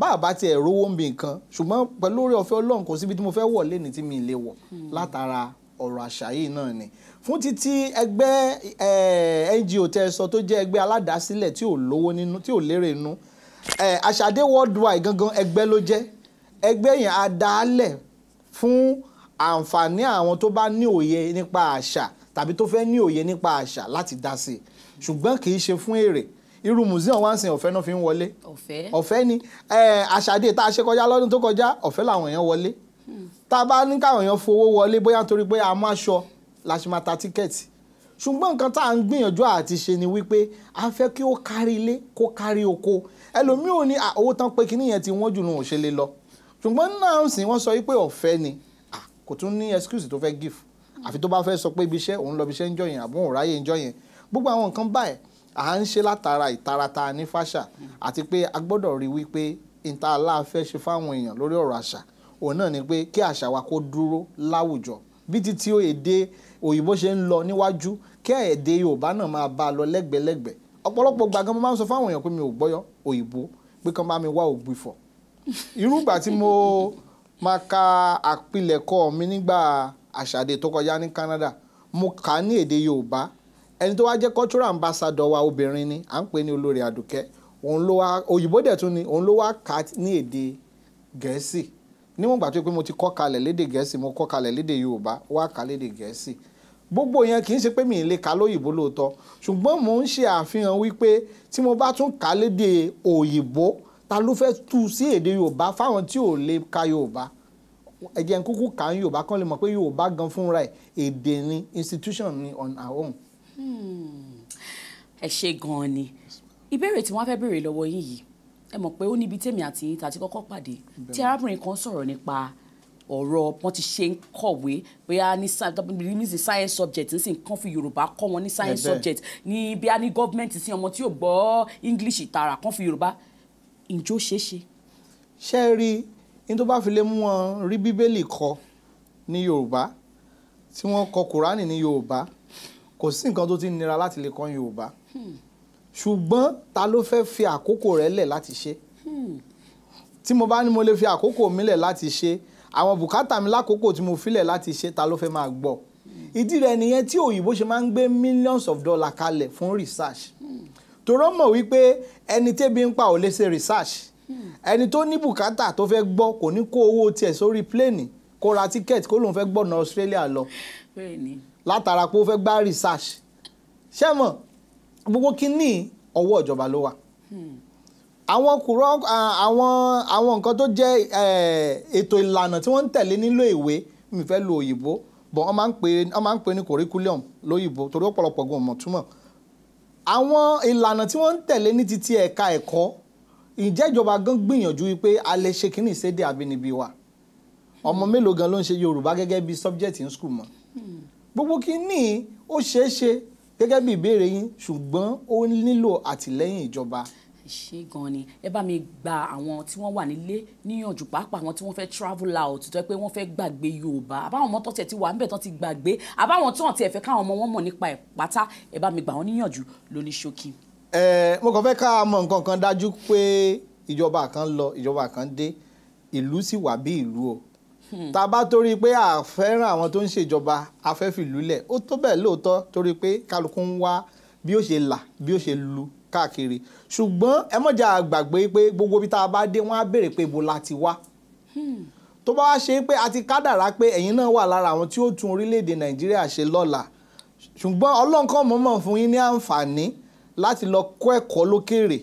báàbá hmm. tiẹ̀ rówó ń nǹkan ṣùgbọ́n pẹ̀lú oore ọ̀fẹ́ Ọlọ́run kò síbi tí mo fẹ́ wọ̀ lẹ́ni tí mi lè wọ̀ hmm. látara ọ̀rọ̀ àṣà yìí náà ni fún títí ẹgbẹ́ ngo tẹ sọ tó jẹ́ ẹgbẹ́ aládàásílẹ̀ tí ò lówó nínú tí ò lérè inú àṣàdé worldwide gangan ẹgbẹ́ ló jẹ́ ẹgbẹ́ yẹn á dálẹ̀ fún àǹfààní àwọn tó bá ní òye nípa àṣà tàbí tó fẹ́ ní òye nípa àṣà láti dá sí i ṣùgbọ́n kì í ṣe fún èrè irú museum wá ń sin ọ̀fẹ́ náà fi ń wọlé ọ̀fẹ́ ni àṣàdé tá a ṣe kọjá lọ́dún tó kọjá ọ̀fẹ́ làwọn èèyàn wọlé hmm. tá a bá ní káwọn èèyàn fowó wọlé bóyá nítorí pé a máa ṣọ la ṣe máa ta tíkẹ́ẹ̀tì ṣùgbọ́n nǹkan tá à ń gbìyànjú àti ṣe ni wípé a fẹ́ kí ó kárí ilé kó kárí oko ẹlòmíì ò ní owó tán pé kíní yẹn ti wọ́n jù nù ò ṣe lè lọ ṣùgbọ́n náà sì wọ́n sọ wípé ọ̀fẹ́ ni kò tún ní excuse tó fẹ́ give àfi tó bá fẹ́ sọ pé ibi iṣẹ́ òun lọ ibi iṣẹ́ ń jọyìn àbọ̀ òun ráyè ń jọyìn gbogbo àwọn nǹkan báyìí à ń ṣe látara ìtara ta ní fàṣà àti pé a gbọ́dọ̀ rí wípé ìta ni pé kí àṣà wa kó dúró láwùjọ òyìnbó ṣe ń lọ níwájú kí èdè yorùbá náà máa bá a lọ lẹ́gbẹ̀lẹ́gbẹ̀ ọ̀pọ̀lọpọ̀ gbàgán mo máa ń sọ fáwọn èèyàn pé mi ò gbọ́yọ́ òyìnbó pé kán bá mi wá ògbìfọ̀ irúgbà tí mo máa ka àpilẹ̀kọ mi nígbà àṣàdé tó kọjá ní Canada mo kà á ní èdè yorùbá ẹni tó wá jẹ́ cultural ambassador wa obìnrin ni à ń pè ní olórí àdùkẹ́ òun ló wá òyìnbó dẹ̀ tún ni òun ló wá kà á ní èdè gẹ̀ẹ́sì níwọ̀n gbà tó yẹ pé mo ti kọ́ kalẹ̀ lédè gẹ̀ẹ́sì mo kọ́ kalẹ̀ lédè yorùbá wá kà á lédè gẹ̀ẹ́sì gbogbo yẹn kì í ṣe pé mi ì lè kà lóyìnbó lóòótọ́ ṣùgbọ́n mò ń ṣe àfihàn wípé tí mo bá tún kà lédè òyìnbó ta ló fẹ́ tú sí èdè yorùbá fáwọn tí ò lè ka yorùbá ẹ̀jẹ̀ ń kúkú kà ń yorùbá kan lè mọ̀ pé yorùbá gan fúnra ẹ̀ èdè ni institution ni on our own. Hmm. ẹ ṣe gan-an ni ìbéèrè tí wọ́n fẹ́ béèrè lọ́wọ́ yín yìí ẹ mọ̀ pé ó níbi tèmi àti yín tàti kọ́kọ́ pàdé tí arábìnrin kan sọ̀rọ̀ nípa ọ̀rọ̀ wọn ti ṣe ń kọ̀wé bóyá ní science subject ní sì ń kàn fún yorùbá kọ́ wọn ní science subject ní bí a ní gọ́ọ̀mẹ̀ntì sí ọmọ tí yóò gbọ́ english tààrà kàn fún yorùbá ǹjẹ́ ó ṣeé ṣe. ṣé ẹ rí i tó bá fi lè mú wọn rí bíbélì kọ ní yorùbá tí wọ́n kọ kùránì ní yorùbá kò sí nǹkan tó ti nira láti lè kọ yorùbá hmm. ṣùgbọ́n ta ló fẹ́ fi àkókò rẹ̀ lẹ̀ láti ṣe hmm. tí mo bá ní mo lè fi àkókò mi lẹ̀ láti ṣe àwọn bùkátà mi lákòókò tí mo filẹ̀ láti ṣe ta ló fẹ́ máa gbọ́ ìdí rẹ̀ nìyẹn tí òyìnbó ṣe máa ń gbé millions of dollars kalẹ̀ fún research torọ́ mọ̀ wípé ẹni tẹ́bi ń pa ò lè ṣe research ẹni tó ní bùkátà tó fẹ́ gbọ́ kò ní kó owó tiẹ̀ sórí pléènì kó ra ticket kó lóun fẹ́ gbọ́nà Australia lọ látara pé ó fẹ́ gbá research ṣé mọ̀ gbogbo kínní ọwọ́ ìjọba ló wà àwọn kùrọ àwọn àwọn nǹkan tó jẹ́ ètò ìlànà tí wọ́n ń tẹ̀lé nílò ìwé mi fẹ́ lo òyìnbó bọ̀ wọ́n máa ń pè wọ́n máa ń pè ní curriculum lóyìnbó torí ọ̀pọ̀lọpọ̀ gan ọmọ túmọ̀ àwọn ìlànà tí wọ́n ń tẹ̀lé ní titi ẹ̀ka ẹ̀kọ́ ìjẹ́jọba gan gbìyànjú wípé a lè ṣe kínní ìsédé àbínibí wa ọmọ mélòó gan ló ń ṣe Yorùbá gẹ́gẹ́ bí subject in school mọ́ gbogbo kínní ó ṣeé ṣe gẹ́gẹ́ bí ìbéèrè yín ṣùgbọ́n ó nílò àtìlẹ́yìn ìjọba ṣé gan ni ẹ bá mi gba àwọn tí wọ́n wà nílé níyànjú pàápàá àwọn tí wọ́n fẹ́ travel out tó jẹ́ pé wọ́n fẹ́ gbàgbé yorùbá àbáwọn ọmọ tó ti wà níbẹ̀ tó ti gbàgbé àbáwọn tó tiẹ̀ fẹ́ káwọn ọmọ wọn mọ̀ nípa ẹ̀ pátá ẹ bá mi gbà wọ́n níyànjú lóní ṣókí. ẹ mo kàn fẹ́ ká mọ nǹkan kan dájú pé ìjọba kan lọ ìjọba kan dé ìlú sì wà bí ìlú o hmm. tá a bá torí pé a fẹ́ràn àwọn tó ń ṣèjọba a fẹ́ fìlú lẹ̀ ó tó bẹ́ẹ̀ lóòótọ́ torí pé kálukú ń wá bí ó ṣe là bí ó ṣe lu káàkiri ṣùgbọ́n ẹ mọ̀jà gbàgbé pé gbogbo ibi tá a bá dé wọ́n á béèrè pé ibo la ti wá hmm. tó bá wá ṣe pé a ti kádàrá pé ẹ̀yin náà wà lára àwọn tí ó tún orílẹ̀-èdè Nàìjíríà ṣe lọ́la ṣùgbọ́n Ọlọ́run kàn mọ̀ọ́mọ̀ fún yín ní àǹfààní láti lọ kọ́ ẹ̀kọ́ lókèrè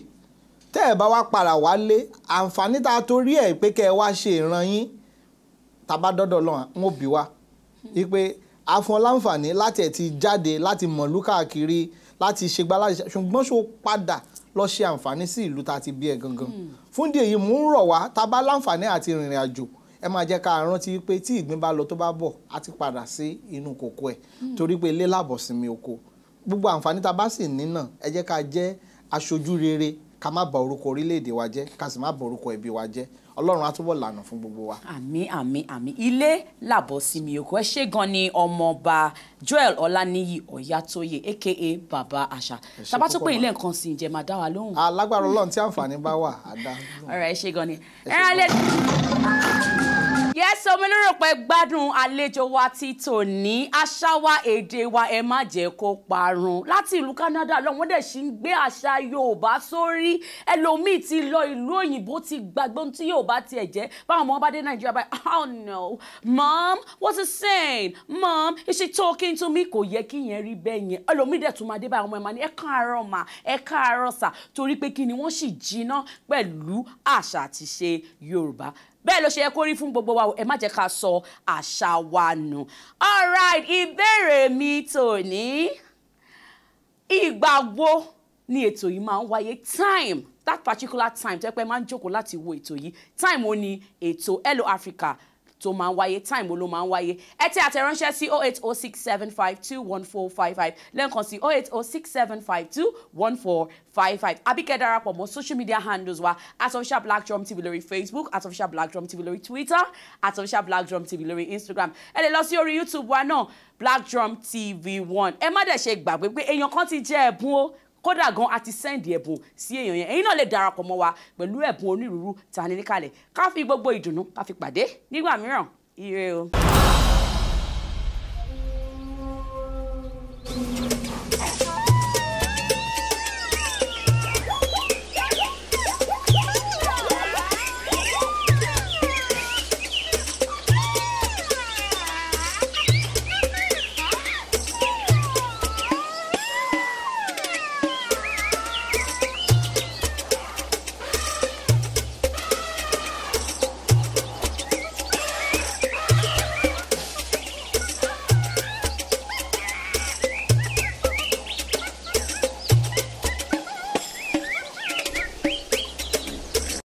tẹ́ ẹ̀ bá wá para wálé àǹfààní tá a torí ẹ̀ pé kẹ́ ẹ wá ṣe ìran yín tàbá dọ́dọ̀ lọ́n wọn bí wa hmm. wípé a láǹfààní láti ẹ̀ ti jáde láti mọ̀lú káàkiri láti ṣègbà láti ṣùgbọ́n ṣo padà lọ ṣe àǹfààní sí ìlú tá a ti bí ẹ gangan fún díẹ̀ yìí mò ń rọ̀ wá tá a bá láǹfààní àti rìnrìn àjò ẹ máa jẹ́ ká rántí pé tí ìgbín bá lọ tó bá bọ̀ á ti padà sí inú kòkó ẹ̀ torí pé ilé làbọ̀ sinmi oko gbogbo àǹfààní tá a bá sì ní náà ẹ jẹ́ ká jẹ́ aṣojú rere ká má bà orúkọ orílẹ̀-èdè wa jẹ́ ká sì má bà orúkọ ẹbí wa jẹ́ ọlọ́run á túbọ̀ lànà fún gbogbo wa. àmín àmín àmín ilé làbọ̀ sí mi òkú ẹ ṣé gan ni ọmọọba Joel Ọláníyì Ọ̀yátóyè aka Baba àṣà tàbá tó pé ilé nǹkan sì ń jẹ́ máa dá wa lóhùn. alágbára ọlọ́run tí àǹfààní bá wà á dá. ọ̀rọ̀ ẹ ṣé gan ni. ẹ yẹ́sẹ̀ omi lérò pé gbádùn àlejò wa ti tòní àṣà wa èdè wa ẹ má jẹ́ kó parun láti ìlú Canada lọ wọ́n dẹ̀ sì ń gbé àṣà Yorùbá sórí ẹlòmíì ti lọ ìlú òyìnbó ti gbàgbé ohun tí Yorùbá tiẹ̀ jẹ́ báwọn ọmọ bá dé Nàìjíríà báyìí oh no mom what's she saying mom is she talking to me kò yẹ kí yẹn rí bẹ́ẹ̀ yẹn ẹlòmíì dẹ̀ tún máa dé báyìí ọmọ ẹ̀ máa ní ẹ káàárọ̀ mà ẹ káàárọ̀ sà torí pé kí ni wọ́n sì jiná pẹ̀lú àṣà àti ṣe Yorùbá bẹ́ẹ̀ ló ṣe yẹ kó rí fún gbogbo wa ẹ má jẹ́ ká sọ àṣà wa nù. alright ìbéèrè mi tòní ìgbà wo ni ètò yìí máa ń wáyé time that particular time tẹ́pẹ́ máa ń jókòó láti wo ètò yìí time ó ní ètò Hello Africa tó máa ń wáyé time wo ló máa ń wáyé ẹ tẹ àtẹ̀ránṣẹ́ sí oh eight oh six seven five two one four five five lẹ́ẹ̀kan sí oh eight oh six seven five two one four five five abike darapọ̀ mọ́ social media handles wa at official black drum tv lórí facebook at official black drum tv lórí twitter at official black drum tv lórí instagram ẹ lè lọ sí orí youtube wa náà black drum tv one ẹ má dẹ̀ ṣe gbàgbé pé èèyàn kan ti jẹ́ ẹ̀bùn o kódà gan a ti sẹ́ndì ẹ̀bùn sí èèyàn yẹn ẹ̀yin náà lè darapọ̀ mọ́ wa pẹ̀lú ẹ̀bùn onírúurú tani ni níkàlẹ̀ ká fi gbogbo ìdùnnú ká fi pàdé nígbà mìíràn ire o.